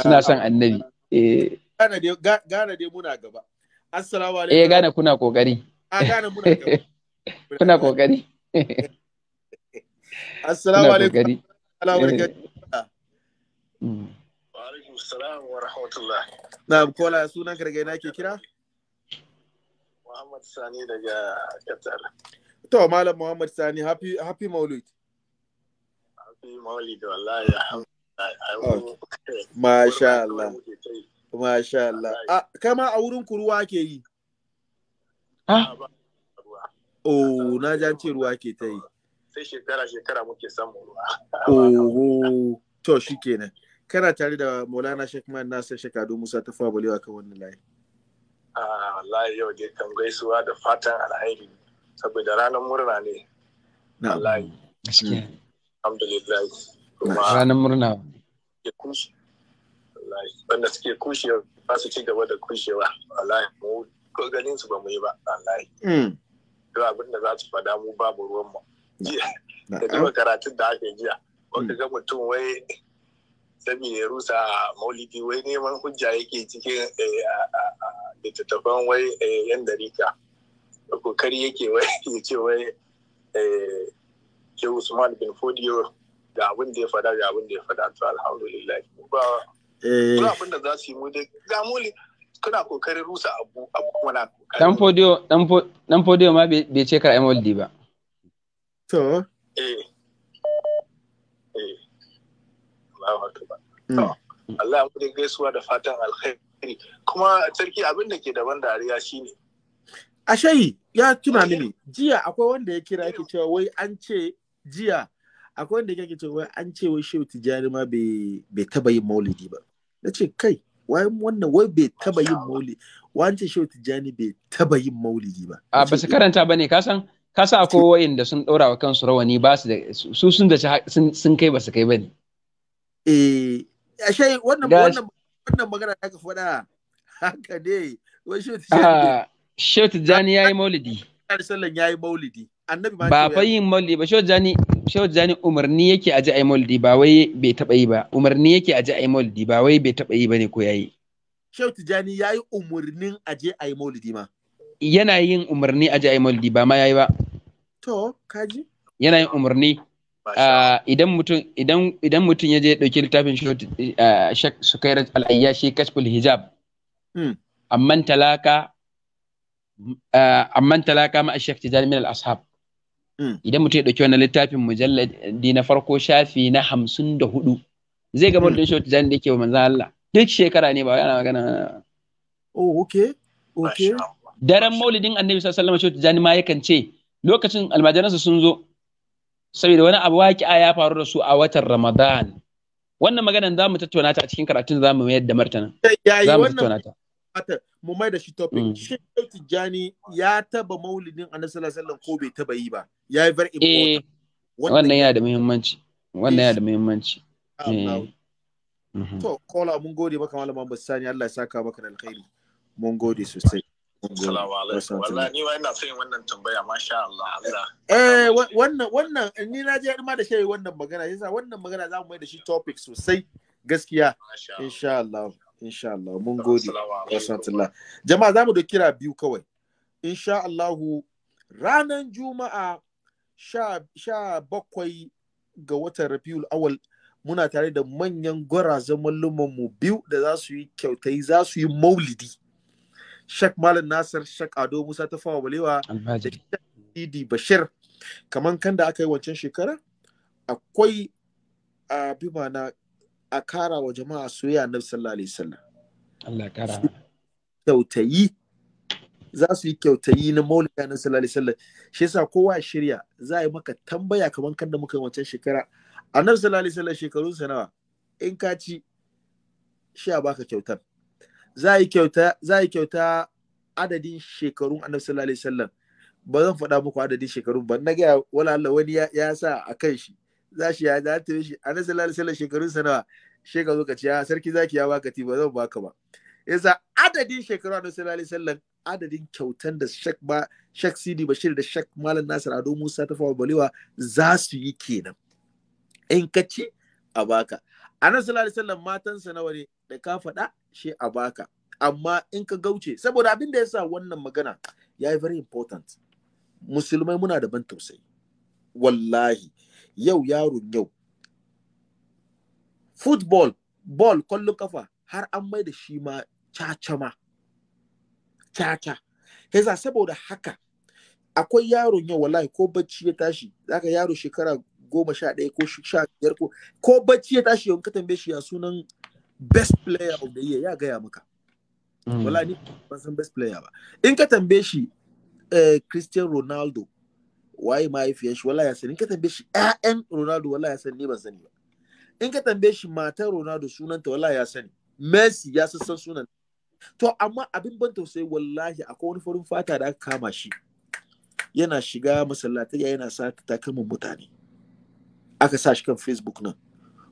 suna son annabi eh. Gana dai muna gaba assalamu alaikum eh gana kuna kokari a ah, gana muna gaba kuna kokari assalamu alaikum eh. mm. alaikum salam wa rahmatullah na kola sunan ka daga ina ke kira Muhammad Sani daga Qatar to malam Muhammad Sani happy happy Maulid happy Maulid wallahi alhamdulillah masha Allah masha Allah ah kama a wurin kuruwa ke yi ah oh na ji ce ruwa ke ta yi sai shekara shekara muke samun ruwa oh to shikenan kana tare da Maulana Sheikh Man Nasir Shekadu Musa ta fa balewa kan wannan layi. Ah wallahi yau dai kan gaisuwa da fatan alheri saboda ranar murna ne. Na wallahi. Hmm. Alhamdulillah. Ranar murna. Wanda suke kushewa ba su ci gaba da kushewa wallahi mu ko ganin su ba mu yi ba wallahi. Hmm. Duk abin da za su faɗa mu babu ruwan mu. Jiya. Da duk karatun da ake jiya. Wanda ga mutum wai sami ya rusa maulidi wai neman hujja yake cikin eh, littattafan wai eh, yan darika kokari yake wai ya ce wai ke eh, usman bin fodiyo ga abin da ya fada ga abin da ya fada to alhamdulillah ba ba abin da za su yi mu dai ga muli kuna kokari rusa abu abu kuma na dan fodiyo dan fodiyo ma bai ce kar maulidi ba to eh Allahu akbar mm. Allah ya kudi gaisuwa da fatan alkhairi kuma sarki abin da ke daban dariya shine Ashayi ya tuna eh. mini eh. jiya akwai wanda ya kira yake cewa wai an ce jiya akwai wanda yake cewa wai an ce wai Shehu Tijjani ma bai taba yin maulidi ba na ce kai wai wannan wai bai taba yin maulidi ce Shehu Tijjani bai taba yin maulidi ba a ba su karanta ba ne kasan kasa akwai wa'inda sun ɗora wa kansu rawani ba su da su sun da sun kai ba su kai ba ne eh ashe wannan wannan wannan magana da ka faɗa haka ne wai shi ah, Shehu Tijjani ya yi maulidi. Sallan ya maulidi. Annabi ba fa yin maulidi ba Shehu Tijjani Shehu Tijjani umarni yake aje ai maulidi ba wai bai taba yi ba. Umarni yake aje ai maulidi ba wai bai taba yi bane ko yayi. Shehu Tijjani ya yi umarnin aje ai maulidi ma. Yana yin umarni aje ai maulidi ba ma yayi ba. To kaji. Yana yin umarni Ah, idan mutum idan idan mutum ya je ya dauki littafin shukairat ah, al-ayyashi kashful hijab hmm. amman talaka ah, amman talaka ma a tijani min al hmm. idan mutum ya dauki wannan littafin mujalladi na farko shafi na hamsin da hudu zai gaba mutum hmm. shau tijani da yake wa manzan Allah duk shekara ne ba yana magana oh okay okay daren maulidin annabi sallallahu alaihi wasallam shau tijani ma yakan ce lokacin almajiransa sun zo saboda wani abu waƙi'a ya faru da su a watan Ramadan wannan maganan za mu tattauna ta a cikin karatun za mu mayar da martana za mu tattauna ta mu mai da shi topic mm. shin Jani ya taba maulidin a Nasarar Sallan ko bai taba yi ba Ya yi bar eh, wannan yana da muhimmanci wannan yana da muhimmanci eh. mhm. to kola mun gode maka malama Bassani Allah ya saka maka da alkhairi mun gode sosai Eh, wannan wannan ni na je ma da shi wannan magana yasa wannan magana za mu mai da shi topic sosai gaskiya insha Allah insha Allah mun gode wasantullah jama'a za mu da kira biyu kawai insha Allah ranar juma'a sha bakwai ga watan Rabiul Awal muna tare da manyan gwarazan mallumanmu biyu da za su yi kyautai za su yi maulidi Sheikh Malam Nasir, Sheikh Ado Musa ta fawa balewa da Idi Bashir. Kaman kan da aka yi wancan shekara, akwai abi mana a kara wa jama'a soyayya na sallallahu alaihi wasallam. Allah kara. Kyautayi za su yi kyautayi na maulida na sallallahu alaihi wasallam. Shi yasa kowa shirya za a yi maka tambaya kaman kan da muka yi wancan shekara. Annabi sallallahu alaihi wasallam sa nawa? In ka ci sha baka kyautar. za yi kyauta za yi kyauta adadin shekarun annabi sallallahu alaihi wasallam ba zan faɗa muku adadin shekarun ba na ga wala Allah wani ya sa a kan shi za shi ya zata shi annabi sallallahu alaihi wasallam shekarun sa nawa shi ka zo ka ce ah, sarki zaki ya baka ti ba zan baka ba yasa adadin shekarun annabi sallallahu alaihi wasallam adadin kyautan da shak ba shak sidi bashir da shak malam nasir ado musa ta fawa balewa za su yi kenan in ka ci a baka annabi sallallahu alaihi wasallam matansa nawa ne da ka faɗa shi a baka amma in ka gauce saboda abin da yasa wannan magana ya yi very important musulmai muna da ban tausayi wallahi yau yaron yau football ball kwallon kafa har an mai da shi ma cacama caca yasa saboda haka akwai yaron yau wallahi ko bacci ya tashi zaka yaro shekara goma sha ɗaya ko sha biyar ko ko bacci ya tashi yau ka tambaye shi ya sunan best player of the year ya gaya maka hmm. wala ni ban san best player ba in ka tambaye shi eh, Cristiano Ronaldo waye mahaifiyar shi wala ya sani in ka tambaye shi ƴaƴan Ronaldo wala ya sani ni ban sani ba in ka tambaye shi matar Ronaldo sunanta wala ya sani Messi ya san san sunan to amma abin ban tausayi wallahi akwai wani farin fata da aka kama shi yana shiga masallatai yana sa takalmin mutane aka sa shi kan Facebook nan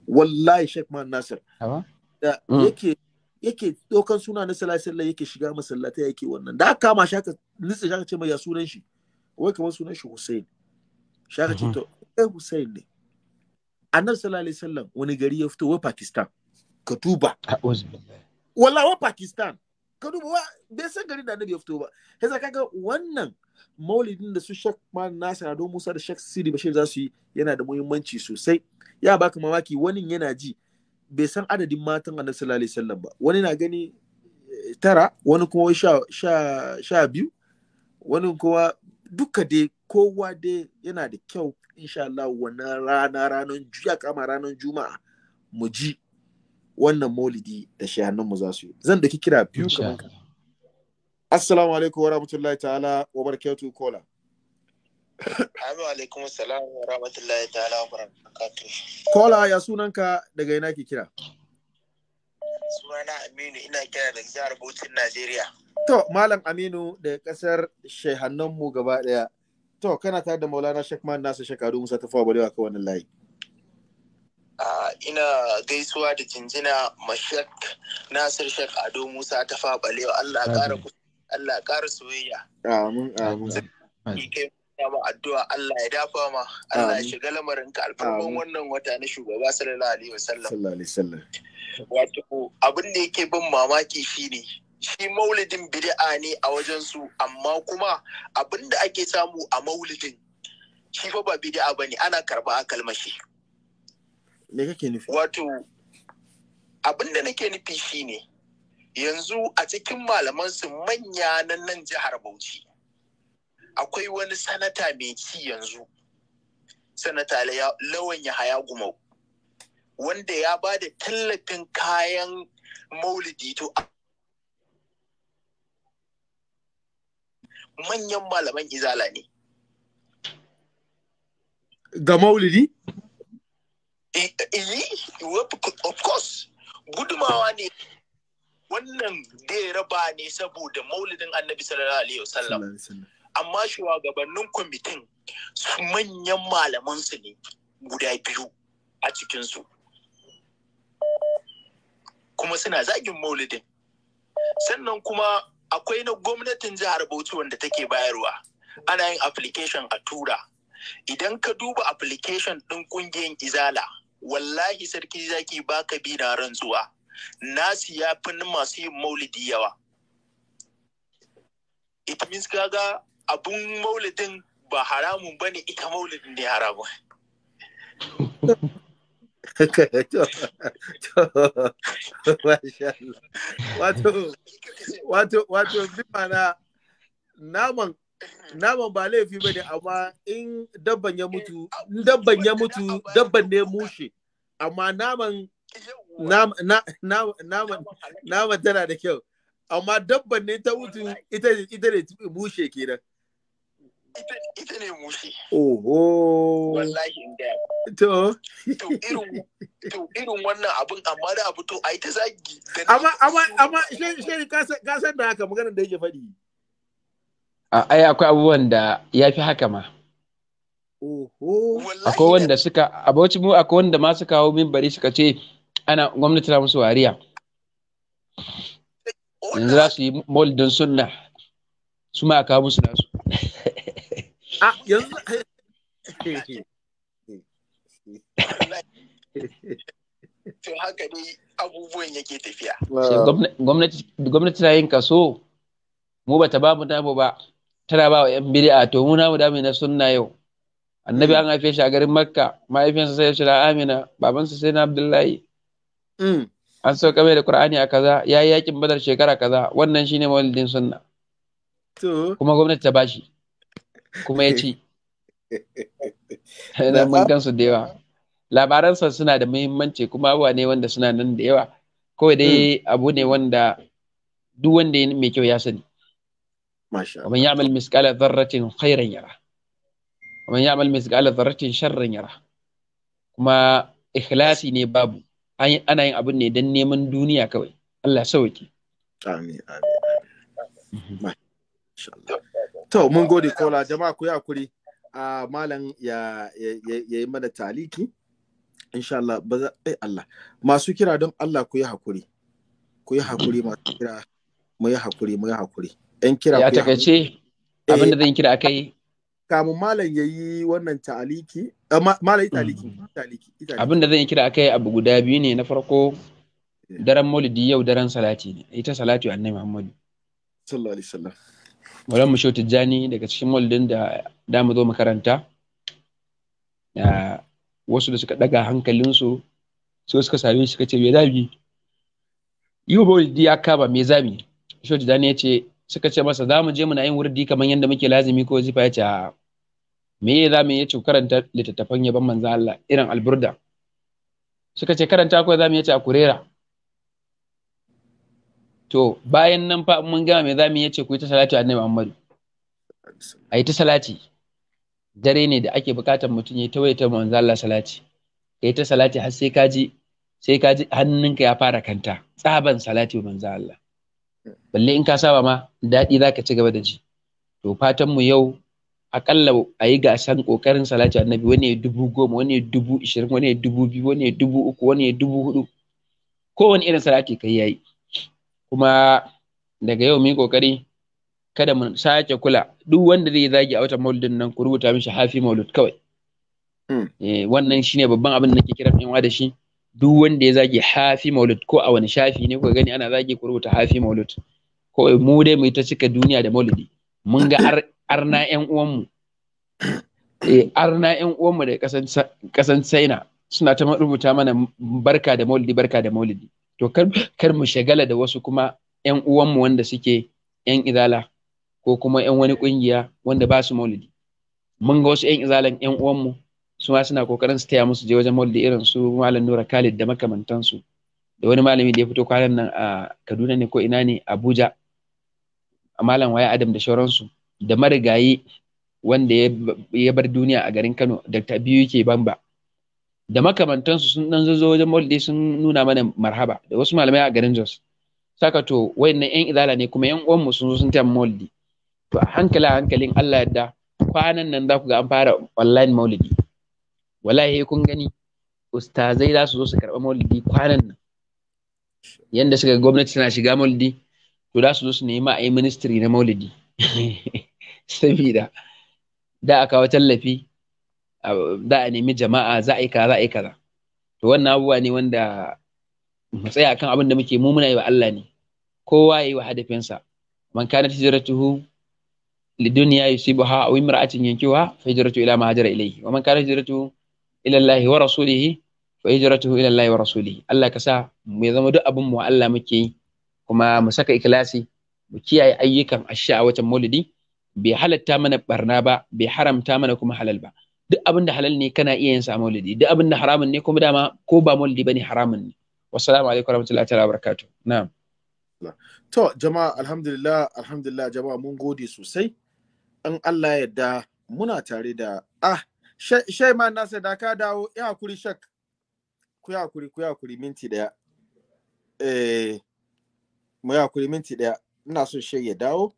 wallahi Sheikh Man Nasir da mm. yake yake dokan suna na sallallahu yake shiga masallata yake wannan da aka kama shaka aka shaka ce mai ya sunan shi wai kamar sunan shi Hussein shaka ce mhm. to eh Hussein ne annabi sallallahu alaihi wasallam wani gari ya fito wa Pakistan Katuba wallahi wa Pakistan Katuba wa bai san gari da annabi ya fito ba yasa kaga wannan maulidin da su Sheikh nasa Nasir Ado Musa da Sheikh Sidi Bashir za su yi yana da muhimmanci sosai ya baka mamaki wani yana ji bai san adadin matan annabi sallallahu alaihi wasallam ba wani na gani eh, tara wani kuma sha, sha, biyu wani kuma duka dai kowa dai yana da kyau insha Allah wannan rana ranar juya kama ranar juma'a mu ji wannan maulidi da shi mu za su yi zan da kira biyu kamar assalamu alaikum wa rahmatullahi ta'ala wa barakatuhu kola Amin alaikum salam wa rahmatullahi ta'ala wa barakatu. Kola ya sunanka daga ina ke kira? Sunana Aminu ina kira daga jihar Bauchi Najeriya. To Malam Aminu da kasar shehannan mu gaba daya. To kana tare da Maulana Shekman nasu shekaru Musa ta fawa balewa ka wannan layi. ina gaisuwa da jinjina mashek Nasir Shek Ado Musa ta faɓalewa Allah ƙara soyayya. Amin amin. ma addu'a Allah ya dafa ma Allah shiga lamarin ka alfarman wata na shugaba sallallahu alaihi da yake bin mamaki shine shi maulidin bid'a ne a wajen su amma kuma abin da ake samu a maulidin shi fa ba bid'a bane ana karba a kalmashi me kake nufi wato abin da nake nufi shine yanzu a cikin malaman su manya nan nan jihar Bauchi akwai wani sanata mai ci yanzu sanata lawan haya gumau wanda ya ba da tallafin kayan maulidi to manyan malaman izala ne ga maulidi? Eh, eh, eh, of course gudumawa ne wannan dai raba ne saboda maulidin annabi sallallahu alaihi wasallam amma shugabannin kwamitin su manyan malamansu ne guda biyu a cikinsu kuma suna zagin maulidin sannan kuma akwai na gwamnatin jihar bauchi wanda take bayarwa ana yin application a tura idan ka duba application ɗin ƙungiyar izala wallahi sarki zaki baka bi na rantsuwa nasu ya fi masu yin maulidi yawa it means kaga abun maulidin ba haramun ba ne ita maulidin ne haramun. Wato, wato, mana naman naman ba laifi ba ne amma in dabban ya mutu in dabban ya mutu dabban ne mushe amma naman naman tana da kyau amma dabban ne ta mutu ita ne mushe kenan ita ne mushe. Oho. Wallahi in To. To irin to irin wannan abin amma da abu to ai ta zagi. Amma amma amma shi ka san da haka maganar da yake faɗi. Ai akwai abubuwan da ya fi haka ma. Akwai wanda suka abauci mu akwai wanda ma suka hau mimbari suka ce ana gwamnati na musu wariya. Yanzu za su yi moldin sunna su ma kawo musu nasu. a ah, to haka dai abubuwan yake tafiya gwamnati na yin kaso mu bata ba mu damu ba tana ba wa yan biri'a to mu namu da na sunna yau annabi an haife shi a garin makka mahaifinsa sai ya ce amina babansa sai na abdullahi mm. an sauka mai da kur'ani a kaza ya yi yakin badar shekara kaza wannan shine maulidin sunna kuma gwamnati ta bashi kuma ya ci mun kansu da yawa labaransa suna da muhimmanci kuma abuwa ne wanda suna nan da yawa kawai dai abu ne wanda duk wanda ya mai kyau ya sani ya ومن يعمل مثقال ذرة خيرا يره ومن يعمل مثقال ذرة sharran yara. Kuma ikhlasi ne babu ana yin abin ne don neman duniya kawai Allah sauke amin amin To, mun gode kola jama'a ku yi hakuri. a ah, malam ya yi mana taliki. Insha Allah, ba za eh, Allah. Masu kira don Allah ku yi hakuri. Ku yi hakuri masu kira. Mu yi hakuri, mu yi hakuri. Yan kira ku yi Ya takaice eh, abin da zan kira yi. Kamun malam ya yi wannan taliki. Eh, malam mm. yi taliki. Abin da zan kira yi abu guda biyu ne na farko eh. daren maulidi yau daren salati ne. Ita salatu annabi Muhammadu. Sallallahu alaihi wasallam. mu shoti Tijjani daga cikin mauldin da da mu zo makaranta wasu da suka daga hankalinsu su suka same shi suka ce me zabi yi wa maulidi ya kaba me zabi shoti jani ya ce suka ce masa za mu je muna yin wurdi kamar yadda muke lazimi ko zifa ya ce me ya za mu ya ce karanta littattafan yaban manzo Allah irin alburda suka ce karanta ko za mu ya ce a kurera to bayan nan fa mun gama mai zamu yace ku yi ta salati annabi Muhammad. a yi ta salati dare ne da ake bukatar mutum ya tawaita manzo Allah salati ka yi ta salati har sai ka ji sai ka ji hannunka ya fara kanta tsaban salati wa manzo Allah balle in ka saba ma daɗi za ka ci gaba da ji to fatan mu yau akalla a yi gasan kokarin salati annabi wani ya dubu goma wani ya dubu ishirin wani ya dubu biyu wani ya dubu uku wani ya dubu hudu kowane irin salati kai yayi kuma daga yau mu yi kokari kada mu sake kula duk wanda zai zagi a wata maulidin nan ku rubuta mishi hafi maulud kawai hmm. eh, wannan shine babban abin da nake kiran yan da shi duk wanda ya zagi hafi maulud ko a wani shafi ne ku gani ana zagi ku rubuta hafi maulud ko mu dai mu ta cika duniya da maulidi mun ga arna yan eh arna yan mu da kasan china suna ta rubuta mana barka da maulidi barka da maulidi to kar mu shagala da wasu kuma yan uwanmu wanda suke yan izala ko kuma yan wani kungiya wanda ba su maulidi mun ga wasu yan izalan yan uwanmu su ma suna kokarin su taya musu je wajen maulidi irin su malam nura khalid da makamantansu da wani malami da ya fito kwanan nan a kaduna ne ko ina ne abuja a malam waya adam da shauransu da marigayi wanda ya bar duniya a garin kano dr biyu yake bamba da makamantansu sun dan zo wajen maulidi sun nuna mana marhaba da wasu malamai a garin Jos saka to wayannan yan izala ne kuma yan uwanmu sun zo sun taya maulidi to a hankali a hankalin Allah yadda kwanan nan za ku ga an fara online maulidi wallahi kun gani ustazai za su zo su karɓa maulidi kwanan nan yanda suka gwamnati tana shiga maulidi to za su zo su nemi a yi ministry na maulidi sabida da aka kawo tallafi za a nemi jama'a za a yi kaza za a yi kaza to wannan abubuwa ne wanda mu tsaya akan abin da muke mu muna yi wa Allah ne kowa yayi wa hadafinsa man kana hijratuhu lidunya yusibuha aw imra'atin yankiwa fa hijratu ila ma hajara ilayhi wa man kana hijratu ila Allah wa rasulihi fa hijratuhu ila Allah wa rasulihi Allah ka sa mu zama duk abin mu Allah muke yi kuma mu saka ikilasi mu kiyaye ayyukan asha a watan maulidi bai halatta mana barna ba bai haramta mana kuma halal ba duk abin da halal ne kana iya yin sa maulidi duk abin da haramun ne kuma dama ko ba maulidi bane haramun ne wassalamu alaikum warahmatullahi ta'ala barakatu na'am to jama'a alhamdulillah alhamdulillah jama'a mun gode sosai in Allah ya yarda muna tare da ah shai ma sai da ka dawo ya hakuri shak ku ya hakuri ku ya hakuri minti daya eh mu ya hakuri minti daya ina so shai ya dawo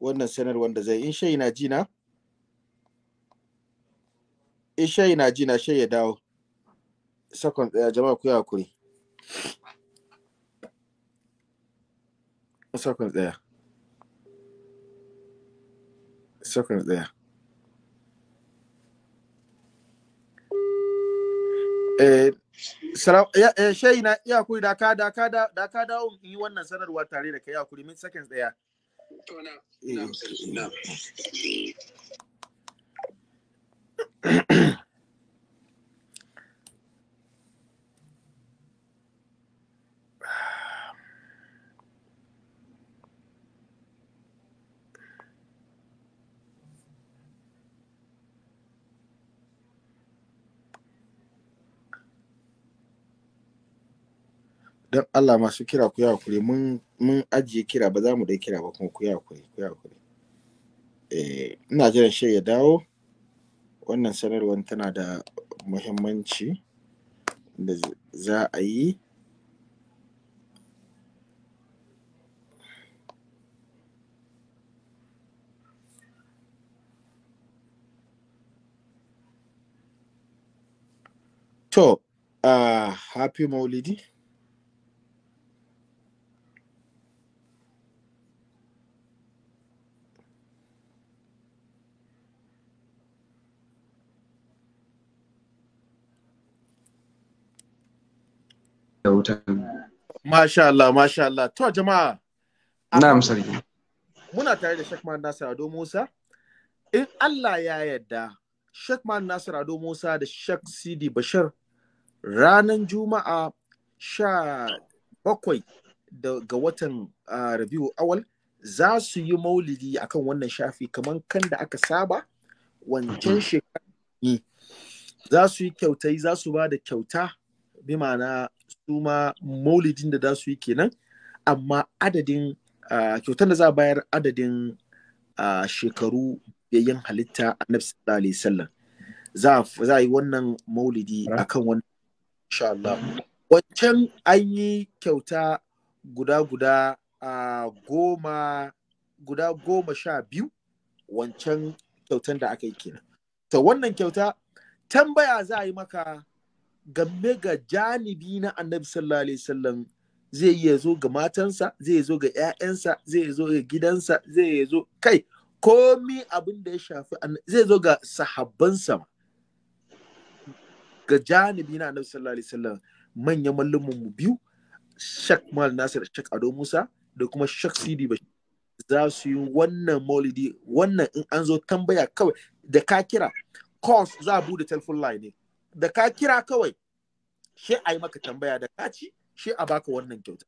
wannan sanarwar da zai in shai na ji na Eh, shayi na ji na shai ya dawo sakon tsaya eh, jama'a ku yi hakuri sakon tsaya sakon tsaya eh, eh shayi na iya kuri da ka da ka da da ka da yi wannan sanarwa tare da ka ya kuri min seconds tsaya don Allah masu kira ku yi hakuri mun mun ajiye kira ba za mu dai kira ba kuma ku yi hakuri ku yi hakuri eh ina jiran shi ya dawo wannan sanarwar tana da muhimmanci da za a yi to uh, happy maulidi da wutan. Masha Allah, masha Allah. To jama'a. Na'am sarki. Muna tare da Sheikh Mahmud Nasir Ado Musa. In Allah ya yarda, Sheikh Nasir Ado Musa da Sheikh Sidi Bashir ranar Juma'a sha bakwai ga watan Rabiu Awal za su yi maulidi akan wannan shafi kamar kan da aka saba wancan shekara za su yi kyautai za su ba da kyauta bi ma'ana su ma maulidin da za su yi kenan amma adadin kyautar da za a bayar adadin shekaru yayin halitta a sallallahu alaihi wasallam za a yi wannan maulidi akan wannan Allah wancan an yi kyauta guda guda a goma guda goma sha biyu wancan kyautan da aka yi kenan to wannan kyauta tambaya za a yi maka game ga janibi na annabi sallallahu alaihi wasallam zai iya zo ga matansa zai zo ga ƴaƴansa, zai zo ga gidansa zai zo kai komi abin da ya shafi zai zo ga sahabbansa ga janibi na annabi sallallahu alaihi wasallam manyan mallumin mu biyu shak mal nasir shak ado musa da kuma shak sidi bashir za su yi wannan maulidi wannan in an zo tambaya kawai da ka kira course za a bude telephone line ne da ka kira kawai shi a yi maka tambaya da ka ci shi a baka wannan kyauta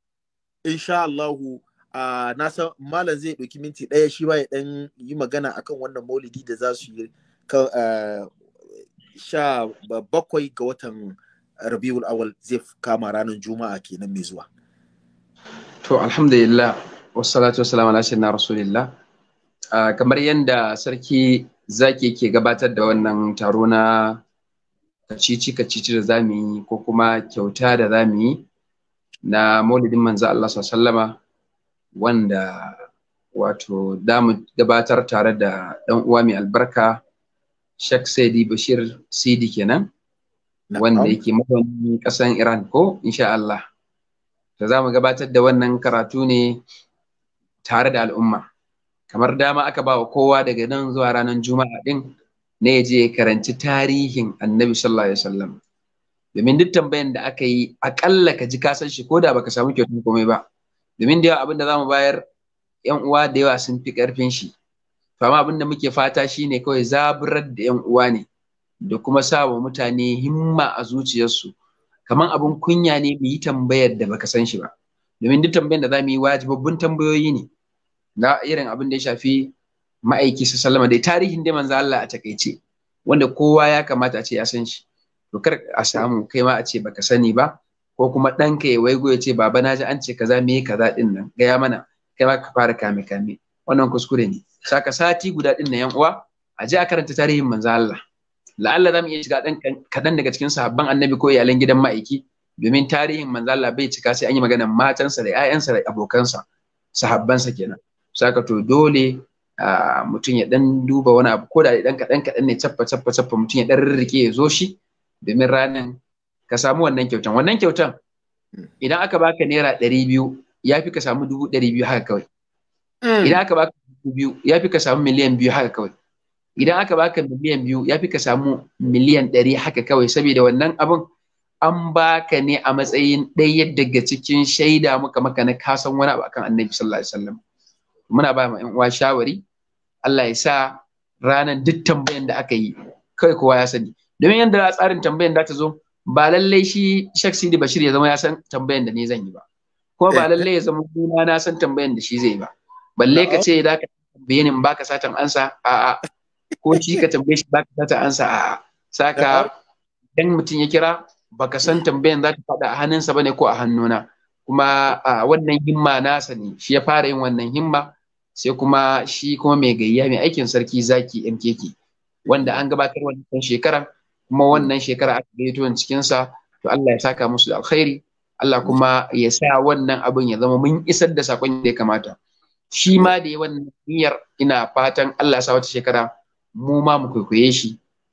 insha Allahu a na san malam zai ɗauki minti ɗaya shi ba ya ɗan yi magana akan wannan maulidi da za su yi sha bakwai ga watan rabiul awal zai kama ranar juma'a kenan mai zuwa to alhamdulillah wassalatu wassalamu ala sayyidina rasulillah kamar yadda sarki zaki yake gabatar da wannan taro na kacici kacici da zamu yi ko kuma kyauta da zamu yi na maulidin manzo Allah sallama wanda wato damu gabatar tare da dan uwa mai albarka Sheikh Saidi Bashir Sidi kenan wanda yake mazaunin kasan Iran ko insha Allah da za gabatar da wannan karatu ne tare da al'umma kamar dama aka ba wa kowa daga nan zuwa ranar juma'a din na ya je ya karanci tarihin annabi sallallahu alaihi wasallam domin duk tambayan da aka yi akalla ka ji ka san shi ko da baka samu kyautu komai ba domin da yawa abin da zamu bayar yan uwa da yawa sun fi karfin shi to amma abin muke fata shine kawai zaburar da yan uwa ne da kuma sa wa mutane himma a zuciyarsu kamar abin kunya ne mu yi tambayar da baka san shi ba domin duk tambayar da za mu yi wajibabbun tambayoyi ne na irin abin da ya shafi ma'aiki su sallama dai tarihin dai manzo Allah a takaice wanda kowa ya kamata a ce ya san shi to kar a samu kai ma a ce baka sani ba ko kuma ɗanka ya waigo ya ce baba na ji an ce kaza me kaza din nan gaya mana kai ma ka fara kame kame wannan kuskure ne saka sati guda din nan yan uwa a je a karanta tarihin manzo Allah la'alla zamu iya shiga dan kadan daga cikin sahabban annabi ko iyalan gidan ma'aiki domin tarihin manzo Allah bai cika sai an yi maganar matansa da 'ya'yansa da abokansa sahabbansa kenan saka to dole mutum ya dan duba wani abu ko da dan kaɗan kaɗan ne cappa cappa cappa mutum ya dan rirrike ya zo shi domin ranar ka samu wannan kyautan wannan kyautan idan aka baka naira ɗari biyu ya fi ka samu dubu ɗari biyu haka kawai mm. idan aka baka dubu biyu ya fi ka samu miliyan biyu haka kawai idan aka baka miliyan biyu ya fi ka samu miliyan ɗari haka kawai saboda wannan abun an baka ne a matsayin ɗaya daga cikin shaida muka maka na kasan wani abu akan annabi sallallahu alaihi wasallam muna ba ma uwa shawari Allah ya sa ranan duk tambayan da aka yi kai kowa ya sani domin yadda tsarin tambayan da ta zo ba lallai shi Sheikh Sidi Bashir ya zama ya san tambayan da ni zan yi ba kuma ba eh. lallai ya zama kuma na san tambayan da shi zai yi ba balle ka ce da ka tambaye ni ka satan ansa a'a ko shi ka tambaye shi ba ka satan ansa a'a saka eh. dan mutum ya kira baka san tambayan za ta faɗa a hannunsa ne ko a hannuna kuma a wannan himma nasa ne shi ya fara yin wannan himma sai kuma shi kuma mai gayya mai aikin sarki zaki mkk wanda an gabatar wannan shekara. kuma wannan shekara aka gayyato cikin sa to Allah ya saka musu alkhairi Allah kuma ya sa wannan abin ya zama mun isar da sakon da ya kamata shi ma da wannan niyyar ina fatan Allah ya sa wata shekara mu ma mu kwaikwaye shi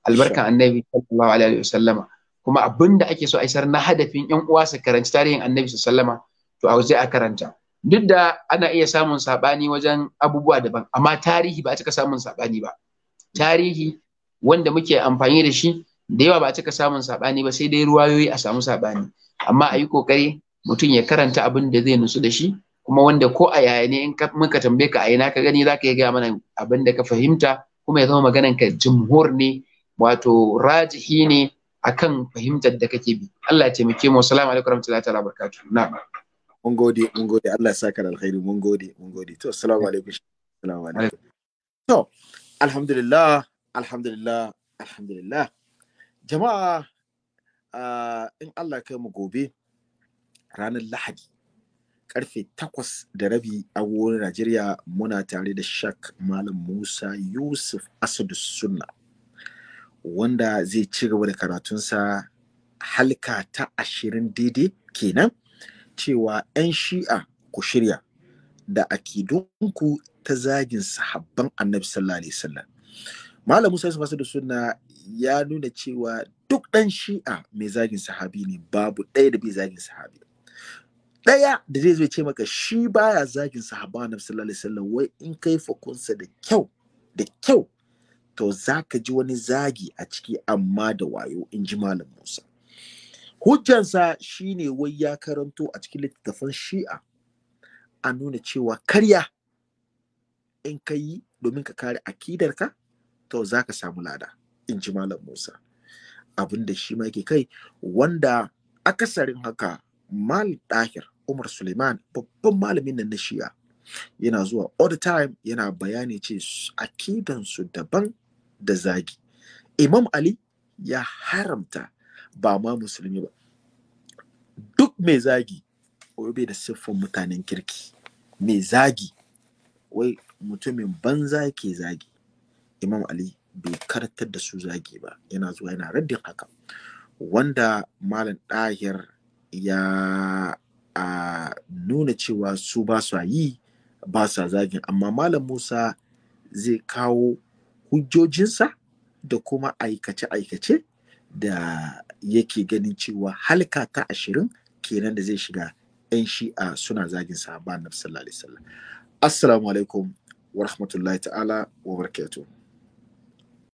albarkan annabi sallallahu alaihi wasallama kuma abin da ake so a isar na hadafin yan uwa su karanci tarihin annabi sallallahu alaihi wasallama to a wuce a karanta duk da ana iya samun saɓani wajen abubuwa daban amma tarihi ba a cika samun saɓani ba tarihi wanda muke amfani da shi da yawa ba a cika samun saɓani ba sai dai ruwayoyi a samu saɓani amma a yi ƙoƙari mutum ya karanta abin da zai nutsu da shi kuma wanda ko a yaya ne in muka tambaye ka a ina ka gani zaka ka gaya mana abin da ka fahimta kuma ya zama maganan ka jumhur ne wato rajihi ne akan fahimtar da kake bi Allah ya taimake mu assalamu alaikum warahmatullahi wabarakatuh na'am mun gode mun gode Allah ya saka alkhairi mun gode mun gode to assalamu alaikum assalamu alaikum to alhamdulillah alhamdulillah alhamdulillah jama'a ah, in Allah kai mu gobe ranar lahadi karfe takwas da rabi a wurin Najeriya muna tare da Shak Malam Musa Yusuf Asadu Sunna wanda zai ci gaba da karatunsa halka ta ashirin daidai kenan cewa 'yan shi'a ku shirya da akidunku ta zagin sahabban annabi sallallahu alaihi wasallam malam musa yusuf da suna ya nuna cewa duk ɗan shi'a mai zagin sahabi ne babu ɗaya da bai zagin sahabi ɗaya da zai zai ce maka shi baya zagin sahaba annabi sallallahu alaihi wasallam wai in kai fakunsa da kyau da kyau to zaka ji wani zagi a ciki amma da wayo in ji malam musa hujjansa shine wai ya karanto a cikin littattafan shi'a a nuna cewa karya in ka yi domin ka kare akidarka to za ka samu lada in ji malam musa abin shi ma yake kai wanda akasarin haka mal dahir umar suleiman babban malamin nan na shi'a yana zuwa all the time yana bayani ce su daban da zagi imam ali ya haramta ba ma musulmi ba duk mai zagi wai da siffan mutanen kirki mai zagi wai mutumin banza ke zagi imam ali bai karatar da su zagi ba yana zuwa yana raddin haka wanda malam Dahir ya a nuna cewa su ba su yi ba sa zagin amma malam musa zai kawo hujjojinsa da kuma aikace-aikace da yake ganin cewa halka ta ashirin kenan da zai shiga 'yan shi'a suna zagin sahaba annabi sallallahu alaihi wasallam assalamu alaikum wa rahmatullahi ta'ala wa barakatuh